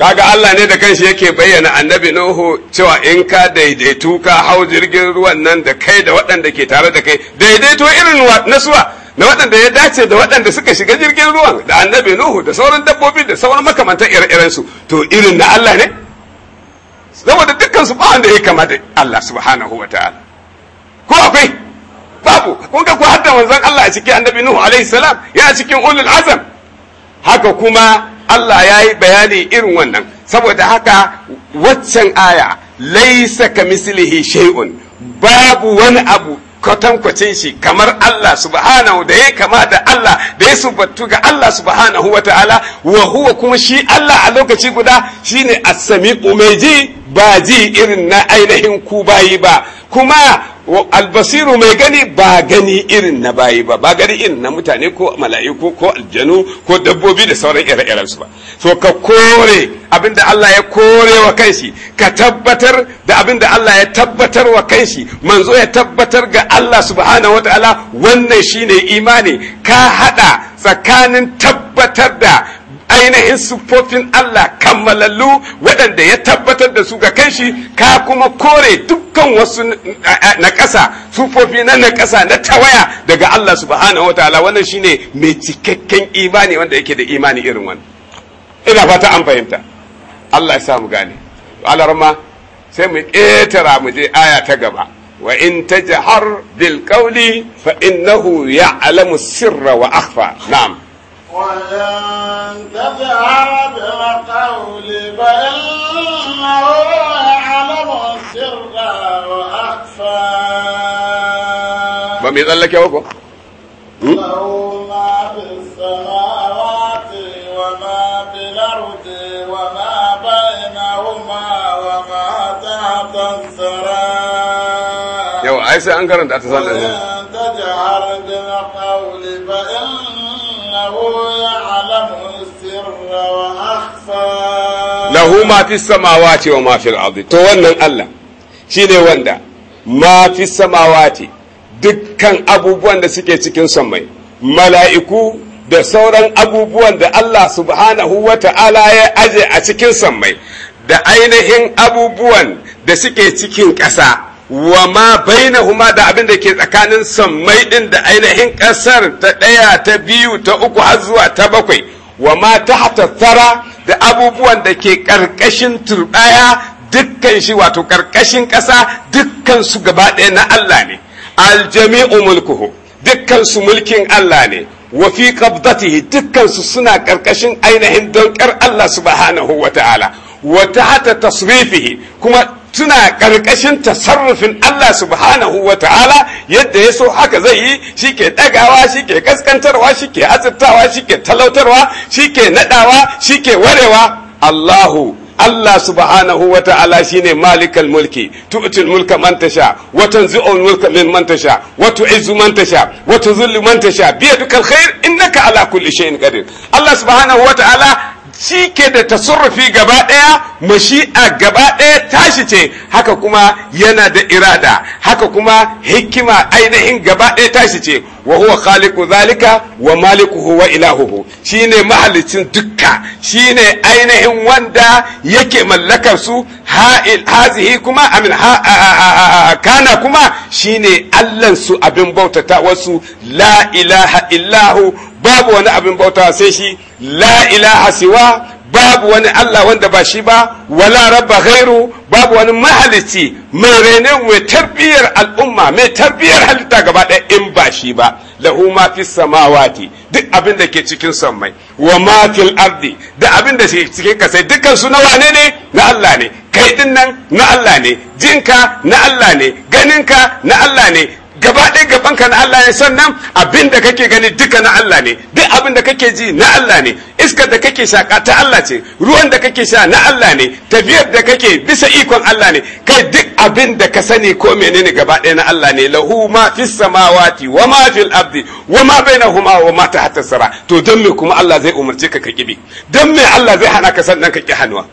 kaga Allah ne da kanshi yake bayyana annabi Nuhu cewa in ka daidaitu ka hau jirgin ruwan nan da kai da waɗanda ke tare da kai daidaito irin nasuwa na waɗanda ya dace da waɗanda suka shiga jirgin ruwan da annabi Nuhu da sauran dabbobi da sauran makamantan ire su to irin na Allah ne saboda dukkan su ba wanda ya kama da Allah subhanahu wa ko akwai babu kun ga kuwa hadda manzon Allah a cikin annabi Nuhu alaihi salam ya cikin ulul azam haka kuma Allah ya yi bayani irin wannan saboda haka waccan aya laisa kamislihi shay'un babu wani abu kwatankwacin shi kamar Allah subhanahu da ya kama da Allah da ya subattu ga Allah subhanahu wa ta'ala wa huwa kuma shi Allah a lokaci guda shine as-sami'u mai ji ba ji irin na ainihin ku bayi ba kuma albasiru mai gani ba gani irin na bayi ba ba gani irin na mutane ko mala'iku ko aljanu ko dabbobi da sauran ire-iren su ba so ka kore abinda Allah ya kore wa kanshi ka tabbatar da abinda Allah ya tabbatar wa kanshi manzo ya tabbatar ga Allah subhanahu wataala wannan shine imani ka hada tsakanin tabbatar da ainihin siffofin Allah kammalallu waɗanda ya tabbatar da su ga kanshi ka kuma kore dukkan wasu na ƙasa siffofi na na ƙasa na tawaya daga Allah subhanahu wa ta'ala wannan shine mai cikakken imani wanda yake da imani irin wani. ina fata an fahimta Allah ya samu gane alarma sai mu ƙetara mu je aya ta gaba wa in tajhar bil qawli fa innahu ya'lamu sirra wa akhfa na'am ولن تجهر بقول فإنه يعلم السر وأخفى بمي قال لك يا وكو له ما في السماوات وما في الأرض وما بينهما وما تحت الثرى يو عايزة أنكر أنت أتصال تجهر بالقول فإن Lahu ma fi samawati wa ma في السماوات to wannan Allah shine wanda ma fi samawati dukkan abubuwan da suke cikin sammai mala'iku da sauran abubuwan da Allah subhanahu wa ta'ala ya aje a cikin sammai da ainihin abubuwan da suke cikin ƙasa wa ma huma da abin da ke tsakanin sammai ɗin da ainihin ƙasar ta ɗaya ta biyu ta uku har zuwa ta bakwai wa ma tahta thara da abubuwan da ke ƙarƙashin turɓaya dukkan shi wato ƙarƙashin ƙasa dukkan su gaba ɗaya na Allah ne aljami'u mulkuhu dukkan su mulkin Allah ne wa fi qabdatihi dukkan su suna ƙarƙashin ainihin dankar Allah subhanahu wa ta'ala wa hata tasrifihi kuma suna ƙarƙashin tasarrufin Allah subhanahu wa ta'ala yadda ya so haka zai yi shi ke ɗagawa shi ke ƙasƙantarwa shi ke azurtawa shi ke talautarwa shi ke naɗawa shi ke warewa Allahu Allah subhanahu wa ta'ala shine malikal mulki tu'til mulka man tasha wa tanzi'ul mulka min man tasha wa tu'izzu man tasha wa tuzillu man tasha bi yadikal khair innaka ala kulli shay'in qadir Allah subhanahu wa ta'ala shi ke da tasurrufi gaba ɗaya mashi'a gaba ɗaya tashi ce haka kuma yana da irada haka kuma hikima ainihin gaba ɗaya tashi ce wa huwa khaliqu zalika wa malikuhu wa ilahuhu shine mahalicin dukka shine ainihin wanda yake mallakar su hazihi kuma amin kana kuma shine allan su abin bautata wasu la ilaha illahu babu wani abin bauta sai shi la ilaha siwa babu wani Allah wanda ba shi ba wala rabba ghairu babu wani mahalicci mai rene mai tarbiyar al'umma mai tarbiyar halitta gaba ɗaya in ba shi ba lahu ma fi samawati duk abin da ke cikin sammai wa ma fil ardi da abin da ke cikin kasai dukkan su na wane ne na Allah ne kai din nan na Allah ne jinka na Allah ne ganinka na Allah ne gaba ɗaya gaban ka na Allah ne sannan abin da kake gani duka na Allah ne duk abin da kake ji na Allah ne iskar da kake shaka ta Allah ce ruwan da kake sha na Allah ne tafiyar da kake bisa ikon Allah ne kai duk abin da ka sani ko menene gaba ɗaya na Allah ne lahu ma fis samawati wa ma fil abdi wa ma bainahuma wa ma tahta sara to dan me kuma Allah zai umarce ka ka kibi dan me Allah zai hana ka sannan ka ki hanwa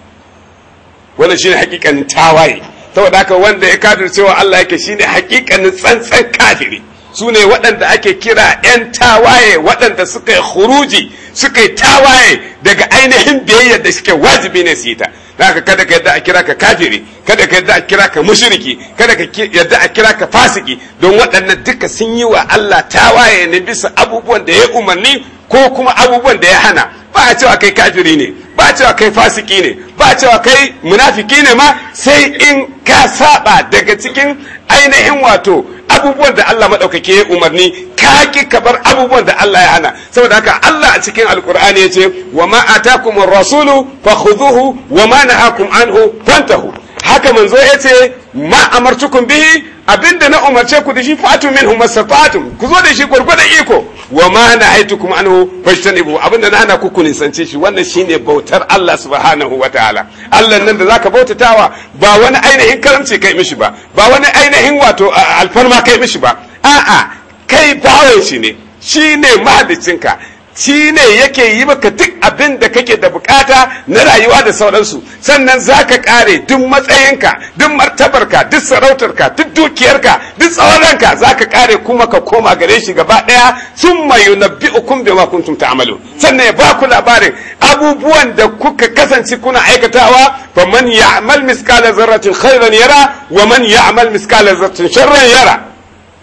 wannan shine hakikan tawaye saboda haka wanda ya kafir cewa Allah yake shine hakikanin tsantsan kafiri su ne waɗanda ake kira 'yan tawaye waɗanda suka yi huruji suka yi tawaye daga ainihin biyayyar da suke wajibi ne su yi ta haka kada ka yadda a kira ka kafiri kada ka yadda a kira ka mushriki kada ka yadda a kira ka fasiki don waɗannan duka sun yi wa Allah tawaye ne bisa abubuwan da ya umarni ko kuma abubuwan da ya hana ba a cewa kai kafiri ne ba a cewa kai fasiki ne ba a cewa kai munafiki ne ma sai in ka saba daga cikin ainihin wato abubuwan da Allah maɗaukaki ya umarni ka ki kabar abubuwan da Allah ya hana saboda haka Allah a cikin alkur'ani ya ce wa ma atakum rasulu khuduhu wa ma nahakum anhu fantahu haka manzo ya ce ma amartukum bihi abinda na umarce ku da shi fatu minhu masafatum ku zo da shi gurgurda iko wa ma na aitu kuma an fashtan ibu abinda na ana kuku nisance shi wannan shine bautar Allah subhanahu wa ta'ala Allah nan da zaka bautatawa ba wani ainihin karamci kai mishi ba ba wani ainihin wato alfarma kai mishi ba a'a kai bawai shi ne shi shine mahaliccinka shi ne yake yi maka duk abin da kake da bukata na rayuwa da sauransu sannan za ka kare duk matsayinka duk martabarka duk sarautarka duk dukiyarka duk tsawonanka za ka kare kuma ka koma gare shi gaba daya sun mayu na bi'ukun bima kuntum ta'malu sannan ya ba ku labarin abubuwan da kuka kasance kuna aikatawa fa man ya'mal miskala zarratin khairan yara wa man ya'mal miskala zarratin sharran yara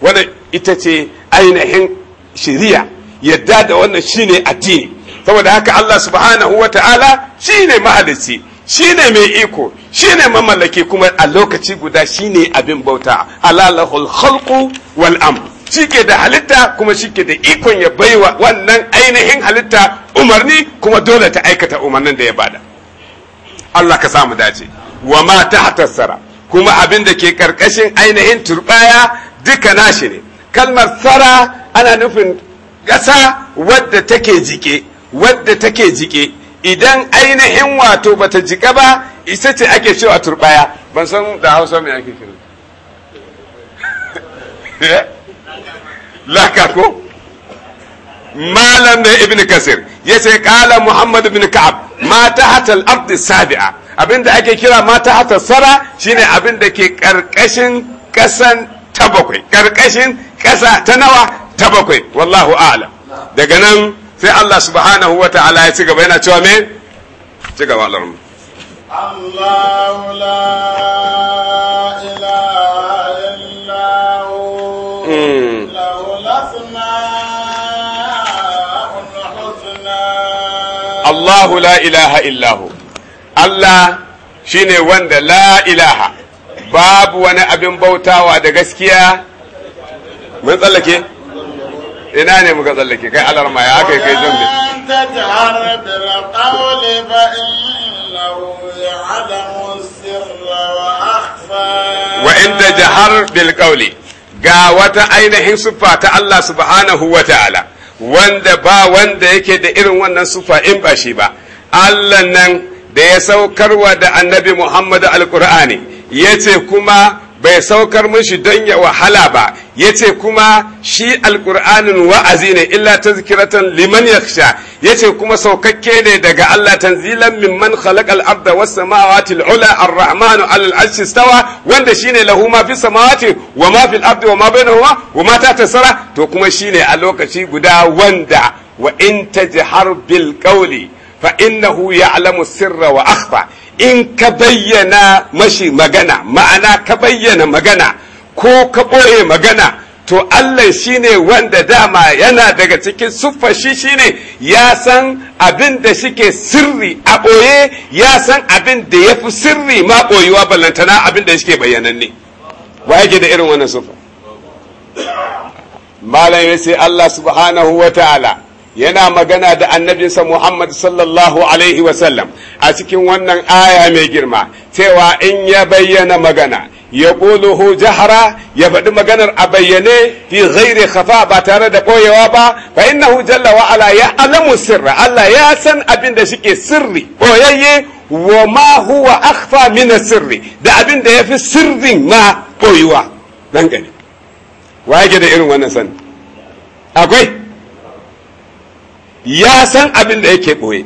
wannan ita ce ainihin shari'a yadda da wannan shine addini saboda haka Allah subhanahu wa ta'ala shine mahalicci shine mai iko shine mamallaki kuma a lokaci guda shine abin bauta alalahul khalqu wal shi ke da halitta kuma ke da ikon ya baiwa wannan ainihin halitta umarni kuma dole ta aikata umarnin da ya bada Allah ka samu dace wa ma tahta sara kuma abin da ke karkashin ainihin turbaya duka nashi ne kalmar sara ana nufin ƙasa wadda take jike wadda take jike idan ainihin wato bata jika ba isa ce ake cewa turbaya ban san da hausa mai ake kira (laughs) laka ko malam da ibn kasir ya ce kala muhammad ibn ka'ab mata hatal abdi sabi'a abinda ake kira mata hatal sara shine abin da ke karkashin kasan ta bakwai karkashin kasa ta nawa ta bakwai wallahu a'lam daga nan sai Allah subhanahu wa ta'ala ya ci gaba yana cewa me ci gaba allah الله لا la ilaha هو hmm. Allah shine wanda la ilaha babu wani abin bautawa da gaskiya mun tsallake ina ne muka tsallake kai alarma ya kai kai zan bi wa inda jahar bil ga wata ainihin siffa ta Allah subhanahu wa ta'ala wanda ba wanda yake da irin wannan sufa in ba shi ba Allah nan da ya saukarwa da annabi Muhammad ya yace kuma bai saukar mushi don ya wahala ba ya ce kuma shi alkur'anin wa'azi ne illa ta zikiratan liman yaksha ya ce kuma saukakke ne daga Allah tanzilan mimman khalaqal abda was samawati al-ula ar-rahmanu alal arshi stawa wanda shine lahu ma fi samawati wa ma fil abdi wa ma bainahuma wa ma ta sara to kuma shine a lokaci guda wanda wa in tajhar bil qawli fa innahu ya'lamu sirra wa akhfa in ka bayyana mashi magana ma'ana ka bayyana magana ko ka ɓoye magana to Allah shine wanda dama yana daga cikin shi shine ya san abin da shike sirri a ɓoye ya san abin da ya fi sirri ma ɓoyewa ballantana abin da shike bayyananne ba yake da irin wannan siffa malam ya ce Allah subhanahu wa ta'ala yana magana da annabinsa Muhammad sallallahu alaihi wasallam a cikin wannan aya mai girma cewa in ya bayyana magana ya ƙuluhu jahara ya faɗi maganar a bayyane fi ghairi khafa ba tare da ɓoyewa ba fa innahu jalla wa ala ya alamu sirra Allah ya san abin da shike sirri koyayye wa ma huwa akhfa min sirri da abin da yafi sirrin ma ɓoyuwa dan gani da irin wannan sani akwai ya san abin da yake ɓoye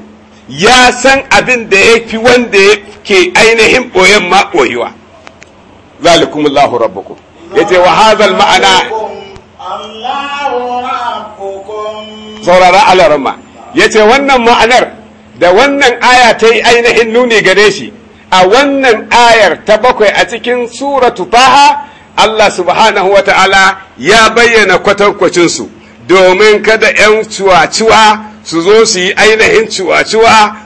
ya san abin da ya fi wanda yake ainihin ɓoyen ma ɓoyewa zalikumullahu rabbukum ce wa hazal ma'ana saurara ya ce wannan ma'anar da wannan aya ta yi ainihin nuni gare shi a wannan ayar ta bakwai a cikin suratu faha Allah subhanahu wa ta'ala ya bayyana kwatankwacinsu domin kada 'yan cuwa-cuwa su zo su yi ainihin cuwa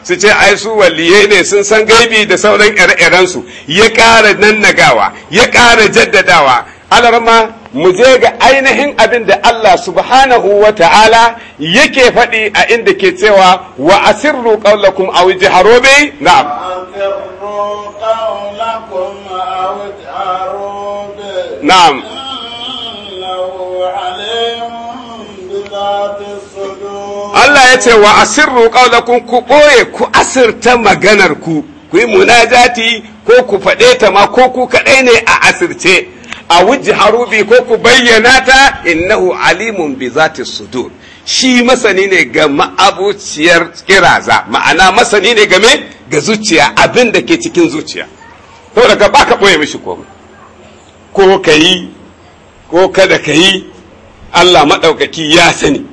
su ce ai su waliye ne sun san gaibi da sauran ire-irensu ya ƙara nannagawa ya ƙara jaddadawa alarma mu je ga ainihin abin da Allah subhanahu wa ta'ala yake faɗi a inda ke cewa wa asirru qawlakum aw jaharu bi na'am na'am Allah ya ce wa asirru kaulakun ku ɓoye ku asirta maganar ku ku yi munajati ko ku faɗe ta ma ko ku kaɗai ne a asirce a wujji harubi ko ku bayyana ta innahu alimun bi zati sudur shi masani ne ga ma'abuciyar kiraza ma'ana masani ne game ga zuciya abin da ke cikin zuciya da ka baka ɓoye mishi komai ko ka yi ko kada ka yi Allah maɗaukaki ya sani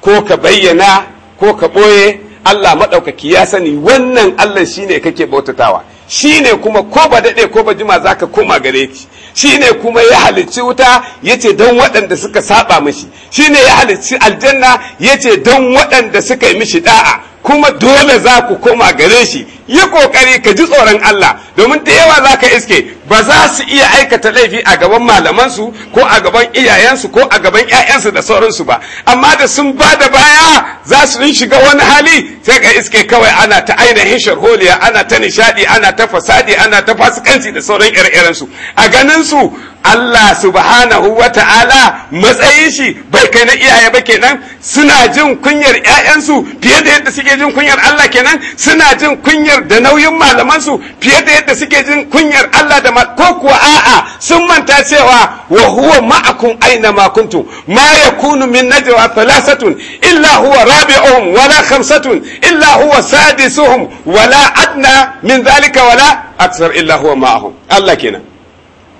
ko ka bayyana ko ka ɓoye Allah maɗaukaki ya sani wannan Allah shine kake bautatawa shine kuma ko ba daɗe ko ba jima za ka koma gare shi ne kuma ya halicci wuta ya ce don waɗanda suka saba mishi shine ya halicci aljanna ya ce don waɗanda suka yi mishi da'a kuma dole za ku koma gare shi yi ƙoƙari ka ji tsoron Allah domin da yawa za ka iske ba za su iya aikata laifi a gaban malamansu ko a gaban iyayensu ko a gaban 'ya'yansu da sauransu ba amma da sun ba da baya za su yi shiga wani hali sai ga iske kawai ana ta ainihin sharholiya ana ta nishadi ana ta fasadi ana ta fasikanci da sauran ire-irensu a ganin su Allah subhanahu wa ta'ala matsayin shi bai kai na iyaye ba kenan suna jin kunyar 'ya'yansu fiye da yadda suke jin kunyar Allah kenan suna jin kunyar da nauyin malamansu fiye da yadda suke jin kunyar Allah da ko kuwa a'a sun manta cewa wa huwa ma'akum aina ma kuntum ma yakunu min najwa thalathatun illa huwa rabi'uhum wala khamsatun illa huwa sadisuhum wala adna min dhalika wala aksar illa huwa ma'ahum Allah kenan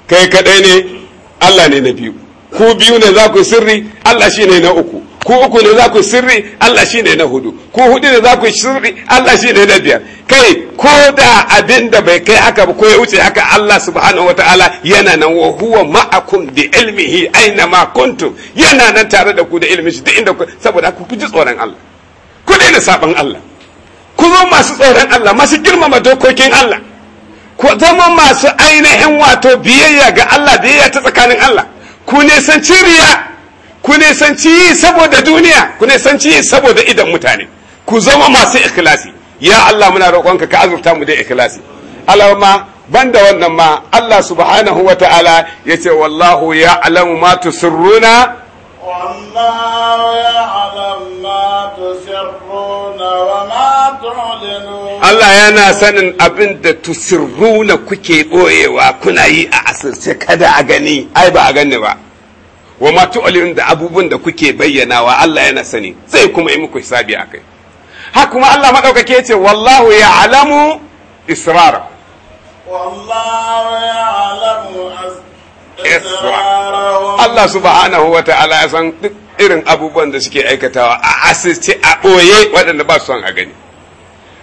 kai kadai ne Allah ne na biyu ku biyu ne za ku sirri Allah shine na uku ku uku ne za ku sirri Allah shi ne na hudu ku hudu ne za ku sirri Allah shi ne na biyar kai ko da abin da bai kai aka ba ko ya wuce aka Allah subhanahu wataala yana nan wa huwa ma'akum bi ilmihi aina ma kuntum yana nan tare da ku da ilmin shi da inda ku saboda ku ji tsoron Allah ku ne saban Allah ku zo masu tsoron Allah masu girmama dokokin Allah ku zama masu ainihin wato biyayya ga Allah biyayya ta tsakanin Allah ku san ciriya. ku nisanci yi saboda duniya ku ci yi saboda idan mutane ku zama masu ikhlasi ya Allah muna roƙonka ka azurta mu da ikhlasi Allah ma banda wannan ma Allah subhanahu wa ta'ala ya ce wallahu ya alamu ma tusirruna Allah yana sanin abin da na kuke ɓoyewa kuna yi a asirce kada a gani ai ba a gani ba wa ma tu'lin da abubuwan da kuke bayyanawa Allah yana sani sai kuma yi muku hisabi akai ha kuma Allah madaukake yace wallahu ya'lamu israra wallahu ya'lamu Allah subhanahu wa ta'ala ya san duk irin abubuwan da suke aikatawa a asirce a boye waɗanda ba su son a gani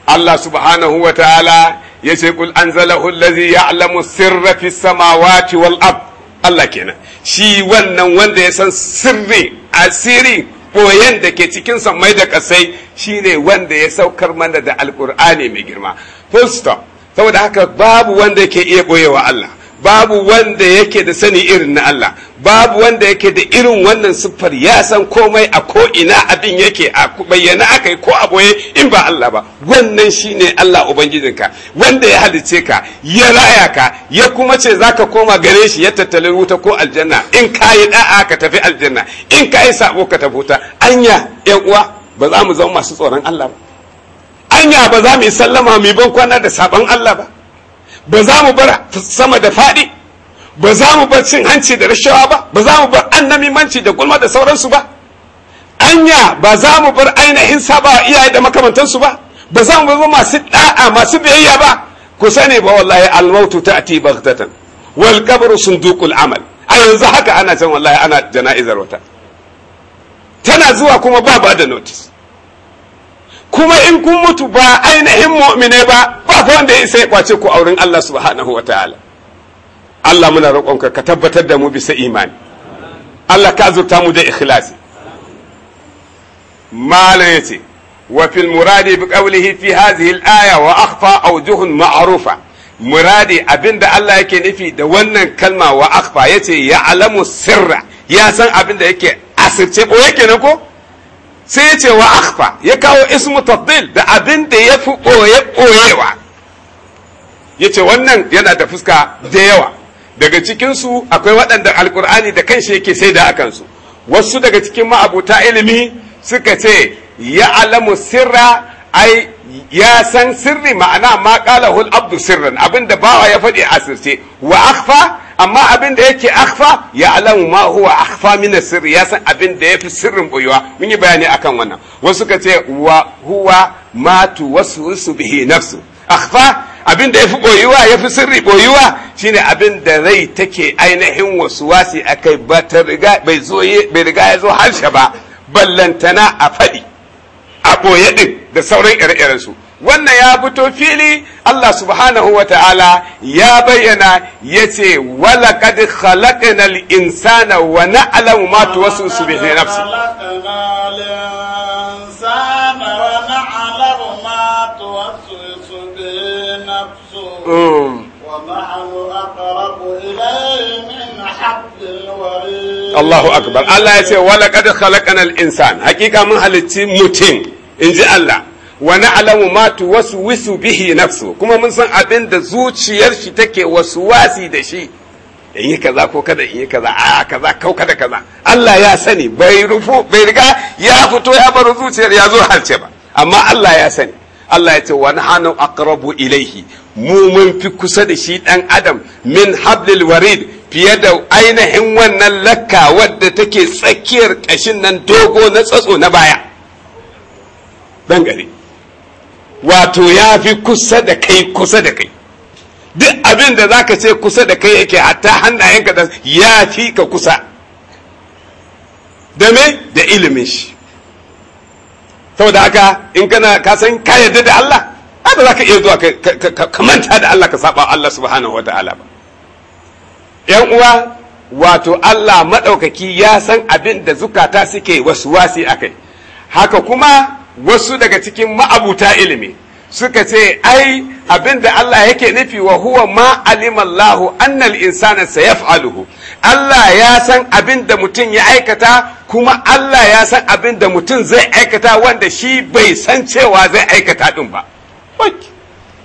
Allah subhanahu wa ta'ala yace kul anzalahu allazi ya'lamu sirra fis samawati wal ard Allah kenan shi wannan wanda ya san sirri asiri boyen da ke cikin mai da kasai shine wanda ya saukar mana da alkur'ani mai girma full stop saboda haka babu wanda ke iya boyewa Allah babu wanda yake da sani irin na Allah babu wanda yake da irin wannan siffar ya san komai a ko ina abin yake a bayyana aka yi ko a boye in ba Allah ba wannan shine Allah ubangijinka wanda ya halice ka ya raya ka ya kuma ce zaka koma gare shi ya tattale wuta ko aljanna in ka yi da'a ka tafi aljanna in ka yi sabo ka tafi wuta anya yan uwa ba za mu zama masu tsoron Allah ba anya ba za mu yi sallama mu yi ban kwana da sabon Allah ba ba za mu bar sama da faɗi ba za mu bar cin hanci da rashawa ba ba za mu bar manci da gulma da sauransu ba anya ba za mu bar ainihin saba iyaye da makamantansu ba ba za mu bar masu da'a masu biyayya ba ku sani ba wallahi almautu ta'ti baghtatan wal qabru sunduqul amal a yanzu haka ana can wallahi ana jana'izar wata tana zuwa kuma ba ba da notice kuma in kun mutu ba ainihin mu'mine ba ba wanda ya isa ya kwace ku auren Allah subhanahu wa ta'ala Allah muna roƙonka ka tabbatar da mu bisa imani Allah ka azurta mu da ikhlasi malam yace wa fil muradi bi qawlihi fi hadhihi al-aya wa akhfa awjuhun ma'rufa muradi abinda Allah yake nufi da wannan kalma wa akhfa yace ya alamu sirra ya san abinda yake asirce ko yake ne ko sai ya ce wa akhfa ya kawo ismu tafdil da abin da ya fi ɓoye ɓoyewa ya ce wannan yana da fuska da yawa daga cikinsu akwai waɗanda alkur'ani da kanshi yake sai da su wasu daga cikin ma'abuta ilimi suka ce ya alamu sirra ai ya san sirri ma'ana ma qala hul abdu abin abinda bawa ya faɗi a sirce wa akhfa amma abin da yake akhfa ya alamu ma huwa akhfa min sirri ya san abin da yafi sirrin boyuwa mun yi bayani akan wannan wasu suka ce wa huwa ma bihi nafsu akhfa abin da yafi boyuwa yafi sirri boyuwa shine abin da rai take ainihin wasu wasi akai ba ta riga bai zo bai riga ya zo harshe ba ballantana a fadi a boye din da sauran ire-iren su wannan ya fito fili Allah subhanahu wa ta'ala ya bayyana ya ce wala kadi khalaqnal insana wa na'lamu ma tuwaswisu bihi nafsi mm. Allahu akbar Allah ya ce wala kad khalaqnal insana hakika mun halicci mutum in ji Allah wa na'lamu ma tuwaswisu bihi nafsu kuma mun san abin da zuciyar shi take waswasi da shi in yi kaza ko kada in yi kaza a kaza kau kada kaza Allah ya sani bai rufu bai riga ya fito ya bar zuciyar ya zo harce ba amma Allah ya sani Allah ya ce wa nahanu aqrabu ilaihi mu mun fi kusa da shi dan adam min hablil warid fiye da ainihin wannan lakka wadda take tsakiyar kashin nan dogo na tsatso na baya dan gari wato ya fi kusa da kai kusa da kai duk abin da za ka ce kusa da kai yake hatta hannayenka da ya fi ka kusa da me da ilimin shi saboda haka in kana ka san ka yarda da Allah za ka iya zuwa ka manta da Allah ka saba Allah subhanahu wataala ba yan uwa wato Allah maɗaukaki ya san abin da zukata suke wasu wasi akai haka kuma wasu daga cikin ma'abuta ilimi suka ce ai abinda Allah yake nufi wa huwa ma alimallahu annal insana sayaf'aluhu Allah ya san abinda mutum ya aikata kuma Allah ya san abinda mutum zai aikata wanda shi bai san cewa zai aikata din ba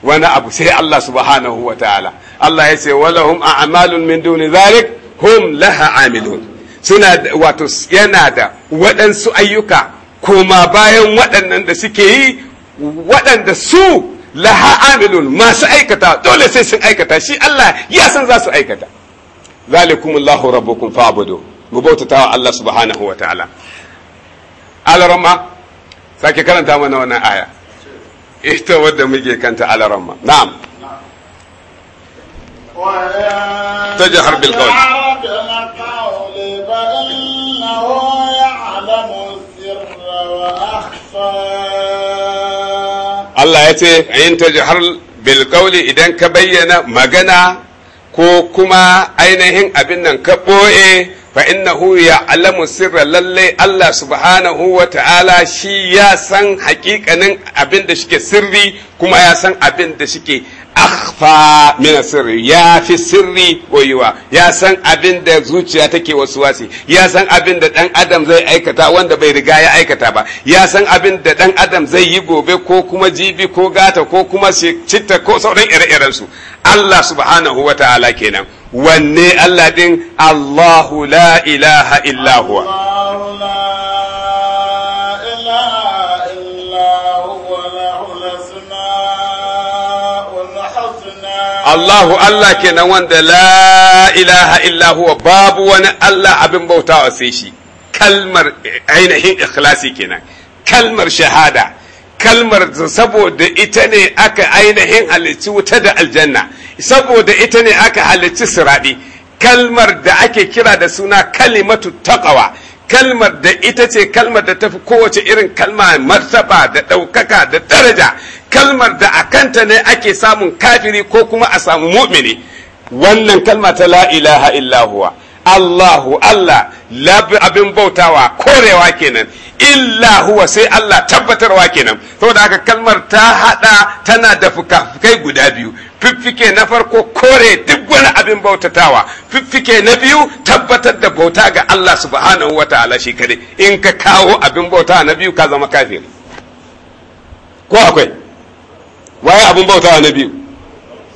wani abu sai Allah subhanahu wa ta'ala Allah ya ce walahum a'malun min duni zalik hum laha amilun suna wato yana da waɗansu ayyuka koma bayan waɗannan da suke yi waɗanda su laha amilun masu aikata dole sai sun aikata shi Allah ya san za su aikata zalikumullahu rabbukum fa'budu mu bautatawa Allah subhanahu wa ta'ala alarama sake karanta mana wannan aya ita wadda muke kanta alarama na'am tajhar bil qawl Allah ya ce "Ayin ta jihar bilkauli idan ka bayyana magana ko kuma ainihin abin nan ka ɓoye fa innahu ya alamu sirra lalle Allah subhanahu wa ta'ala shi ya san hakikanin abin da shike sirri kuma ya san abin da shike akhfa min sirri ya fi sirri koyuwa ya san abin da zuciya take wasuwasi ya san abin da dan adam zai aikata wanda bai riga ya aikata ba ya san abin da dan adam zai yi gobe ko kuma jibi ko gata ko kuma citta ko sauran ire-iren su Allah subhanahu wa ta'ala kenan wanne Allah din Allahu la ilaha illa huwa Allahu Allah kenan wanda la ilaha illa huwa babu wani Allah abin bautawa sai shi kalmar ainihin ikhlasi kenan kalmar shahada kalmar saboda ita ne aka ainihin halicci wuta da aljanna saboda ita ne aka halicci siradi kalmar da ake kira da suna kalimatu taqwa kalmar da ita ce kalmar da tafi kowace irin kalma martaba da ɗaukaka da daraja kalmar da a kanta ne ake samun kafiri ko kuma a samu mu'mini wannan kalma ta la ilaha illa Allahu Allah labi abin bautawa korewa kenan illa huwa sai Allah tabbatarwa kenan saboda haka kalmar ta hada tana da fuka-fukai guda biyu fiffike na farko kore duk wani abin bautatawa fiffike na biyu tabbatar da bauta ga Allah subhanahu wa ta'ala shi in ka kawo abin bauta na biyu ka zama kafir. ko akwai waye abin bautawa na biyu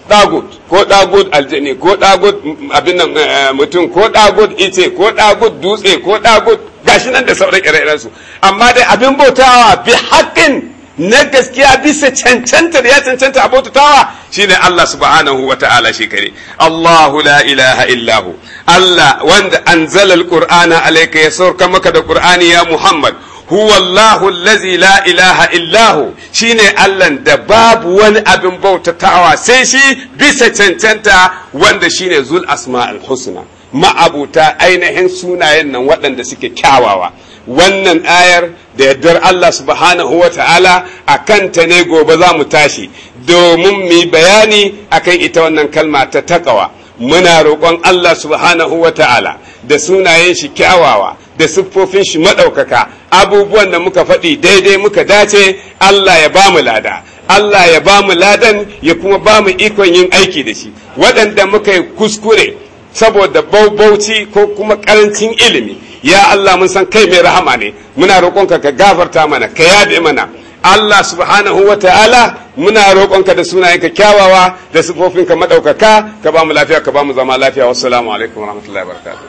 dagut ko dagut aljani ko dagut abin nan eh, eh, mutum ko dagut ice ko dagut dutse ko dagut gashi nan da sauran ire su amma dai abin bautawa bi haƙƙin na gaskiya bisa cancanta ya cancanta a bautawa shine Allah subhanahu wa ta'ala shi kare Allahu la ilaha illahu Allah wanda anzala qur'ana alayka ya saukar maka da qur'ani ya Muhammad huwa Allahu allazi la ilaha illahu shine Allah da babu wani abin bautatawa sai shi bisa cancanta wanda shine zul asma'ul husna ma'abuta ainihin sunayen nan waɗanda suke kyawawa wannan ayar da yardar Allah subhanahu wa ta'ala a kanta ne gobe za mu tashi domin mu bayani akan ita wannan kalma ta takawa muna roƙon Allah subhanahu wa ta'ala da sunayen shi kyawawa da siffofin shi maɗaukaka abubuwan da muka faɗi daidai muka dace Allah ya ba mu lada Allah ya ba mu ladan ya kuma ba mu ikon yin aiki da shi waɗanda muka yi kuskure saboda baubauci ko kuma ƙarancin ilimi ya Allah mun san kai mai rahama ne muna roƙonka ka gafarta mana ka yaɗe mana Allah subhanahu wa ta'ala muna roƙonka da sunayenka kyawawa da ka maɗaukaka ka ba mu lafiya ka ba mu zama lafiya wassalamu alaikum warahmatullahi wabarakatuh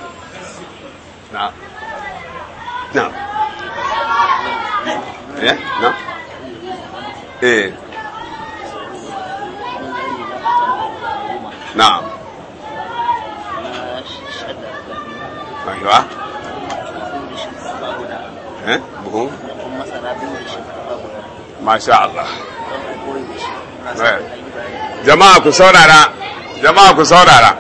eh eh eh masha Allah jama'a ku saurara jama'a ku saurara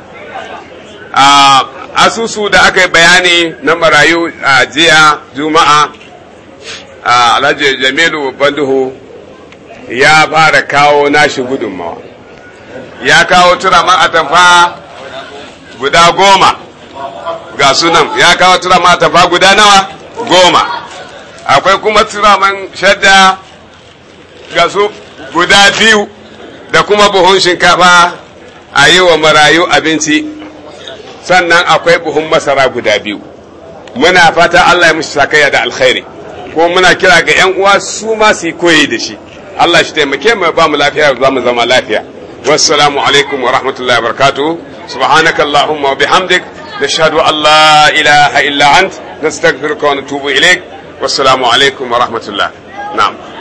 ah. asusu da aka yi bayani na marayu a jiya juma'a a alhaji jamilu banduhu ya fara kawo nashi gudunmawa ya kawo turamar atamfa guda goma ga sunan ya kawo turamar atamfa guda nawa goma akwai kuma turamar shadda ga su guda biyu da kuma buhun shinkafa a yi wa marayu abinci sannan akwai buhun masara guda biyu muna fata Allah ya mushi sakayya da alkhairi kuma muna kira ga yan uwa su ma su koyi da shi Allah shi taimake mu ba mu lafiya za mu zama lafiya wassalamu alaikum wa rahmatullahi wa barakatuh subhanaka allahumma wa bihamdik nashhadu an la ilaha illa ant nastaghfiruka wa natubu ilaik wassalamu alaikum wa rahmatullah na'am